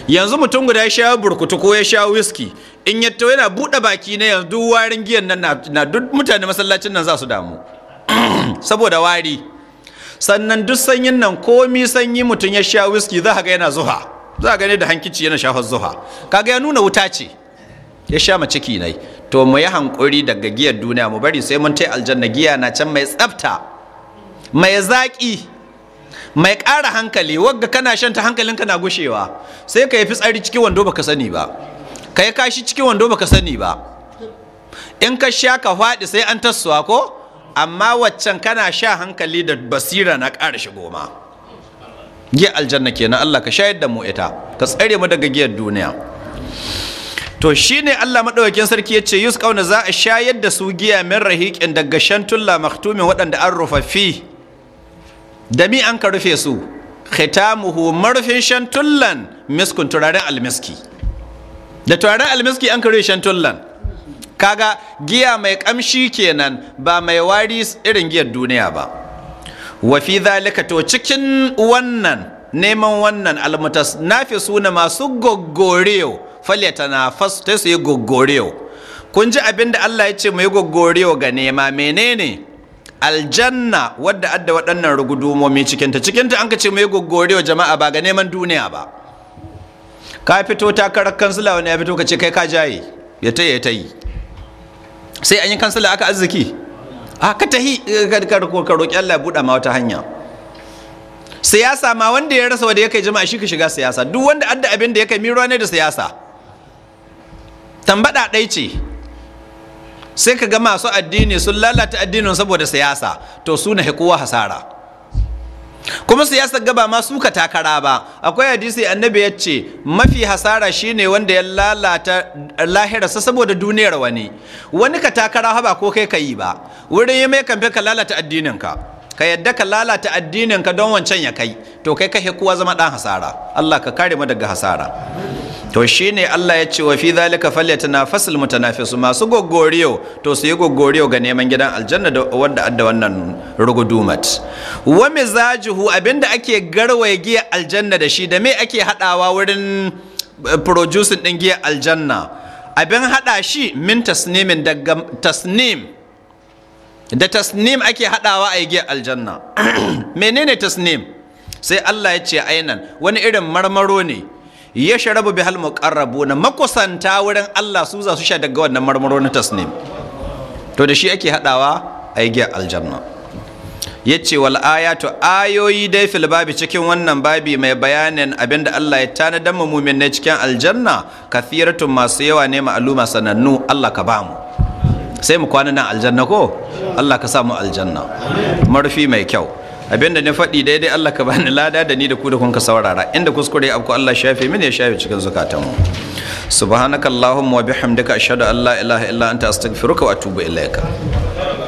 yanzu mutum guda ya sha burkutu ko ya sha whisky in ya yana buɗe baki na yanzu warin giyan nan na duk mutane masallacin nan za su damu saboda wari sannan duk sanyin nan komi sanyi mutum ya sha whisky za ga yana zuha za a ne da hankici yana shafar zuha kaga ya nuna wuta ce ya sha ma ciki nai to mu yi hankuri daga giyar duniya mu bari sai mun tai aljanna giya na can mai tsafta mai zaki mai ƙara hankali wagga kana shan ta hankalinka na gushewa sai ka yi fitsari cikin wando baka sani ba ka yi kashi cikin wando baka sani ba in ka sha ka faɗi sai an tassuwa ko amma waccan kana sha hankali da basira na ƙara goma. giya aljanna kenan Allah ka shayar da mu ita ka tsare mu daga giyar duniya to shine Allah madaukakin sarki ya ce yus kauna za a shayar da su giya min rahiqin daga shantulla maktumin waɗanda an rufaffi da mi an ka rufe su khitamuhu marfin shantullan miskun turaren almiski da turaren almiski an ka rufe shantullan kaga giya mai kamshi kenan ba mai wari irin giyar duniya ba wa fi zalika to cikin wannan neman wannan almutas na fi suna masu falle ta na fas ta su yi goggoreyo kun ji abin da Allah ya ce mu yi ga nema menene aljanna wadda adda waɗannan rugudumomi cikinta cikinta an ka ce mai yi jama'a ba ga neman duniya ba ka fito takarar kansila wani ya fito ka ce kai ka jaye ya ta yi sai an yi kansala aka arziki a ah, ka tahi ka roƙi Allah buɗa ma wata hanya siyasa ma wanda ya rasa wanda ya kai jama'a shi ka shiga siyasa duk wanda adda abin da ya kai miro ne da siyasa tambada ɗai ce sai ka ga masu addini sun lalata addinin saboda siyasa to su na hikuwa hasara kuma siyasar gaba ma suka takara ba akwai hadisi annabi ya ce mafi hasara shine wanda ya lalata lahirarsa saboda duniyar wani wani ka takara haba ko kai ka yi ba wurin yi mai kamfe ka lalata addininka ka yadda ka lalata addinin ka don wancan ya kai to kai kashe kowa zama dan hasara Allah ka kare mu daga hasara to shine Allah ya ce wa fi zalika falyatanafasul mutanafisu masu goggoriyo to su yi goggoriyo ga neman gidan aljanna da wanda adda wannan rugudumat wa mizajuhu abinda ake garwaye giya aljanna da shi da me ake hadawa wurin eh, producing din giya aljanna abin hada shi min tasnimin daga tasnim da tasnim ake haɗawa a yi aljanna menene tasnim sai Allah ya ce ainan wani irin marmaro ne ya sharabu bi hal na makusanta wurin Allah su za su sha daga wannan marmaro na tasnim to da shi ake haɗawa a yi aljanna ya ce wal ayatu ayoyi dai fil babi cikin wannan babi mai bayanin abinda Allah ya tanadar mu mumin cikin aljanna kathiratun masu yawa ne ma'aluma sanannu Allah ka bamu sai mu kwana nan aljanna ko Allah ka samu aljanna Marufi mai kyau abinda na faɗi daidai Allah ka bani lada da ni da ku da kun ka saurara inda kuskure abu Allah shafe mini ya shafe cikin mu. subhanakallahumma wa bihamdika ashhadu an la ilaha illa anta astaghfiruka wa atubu ilaika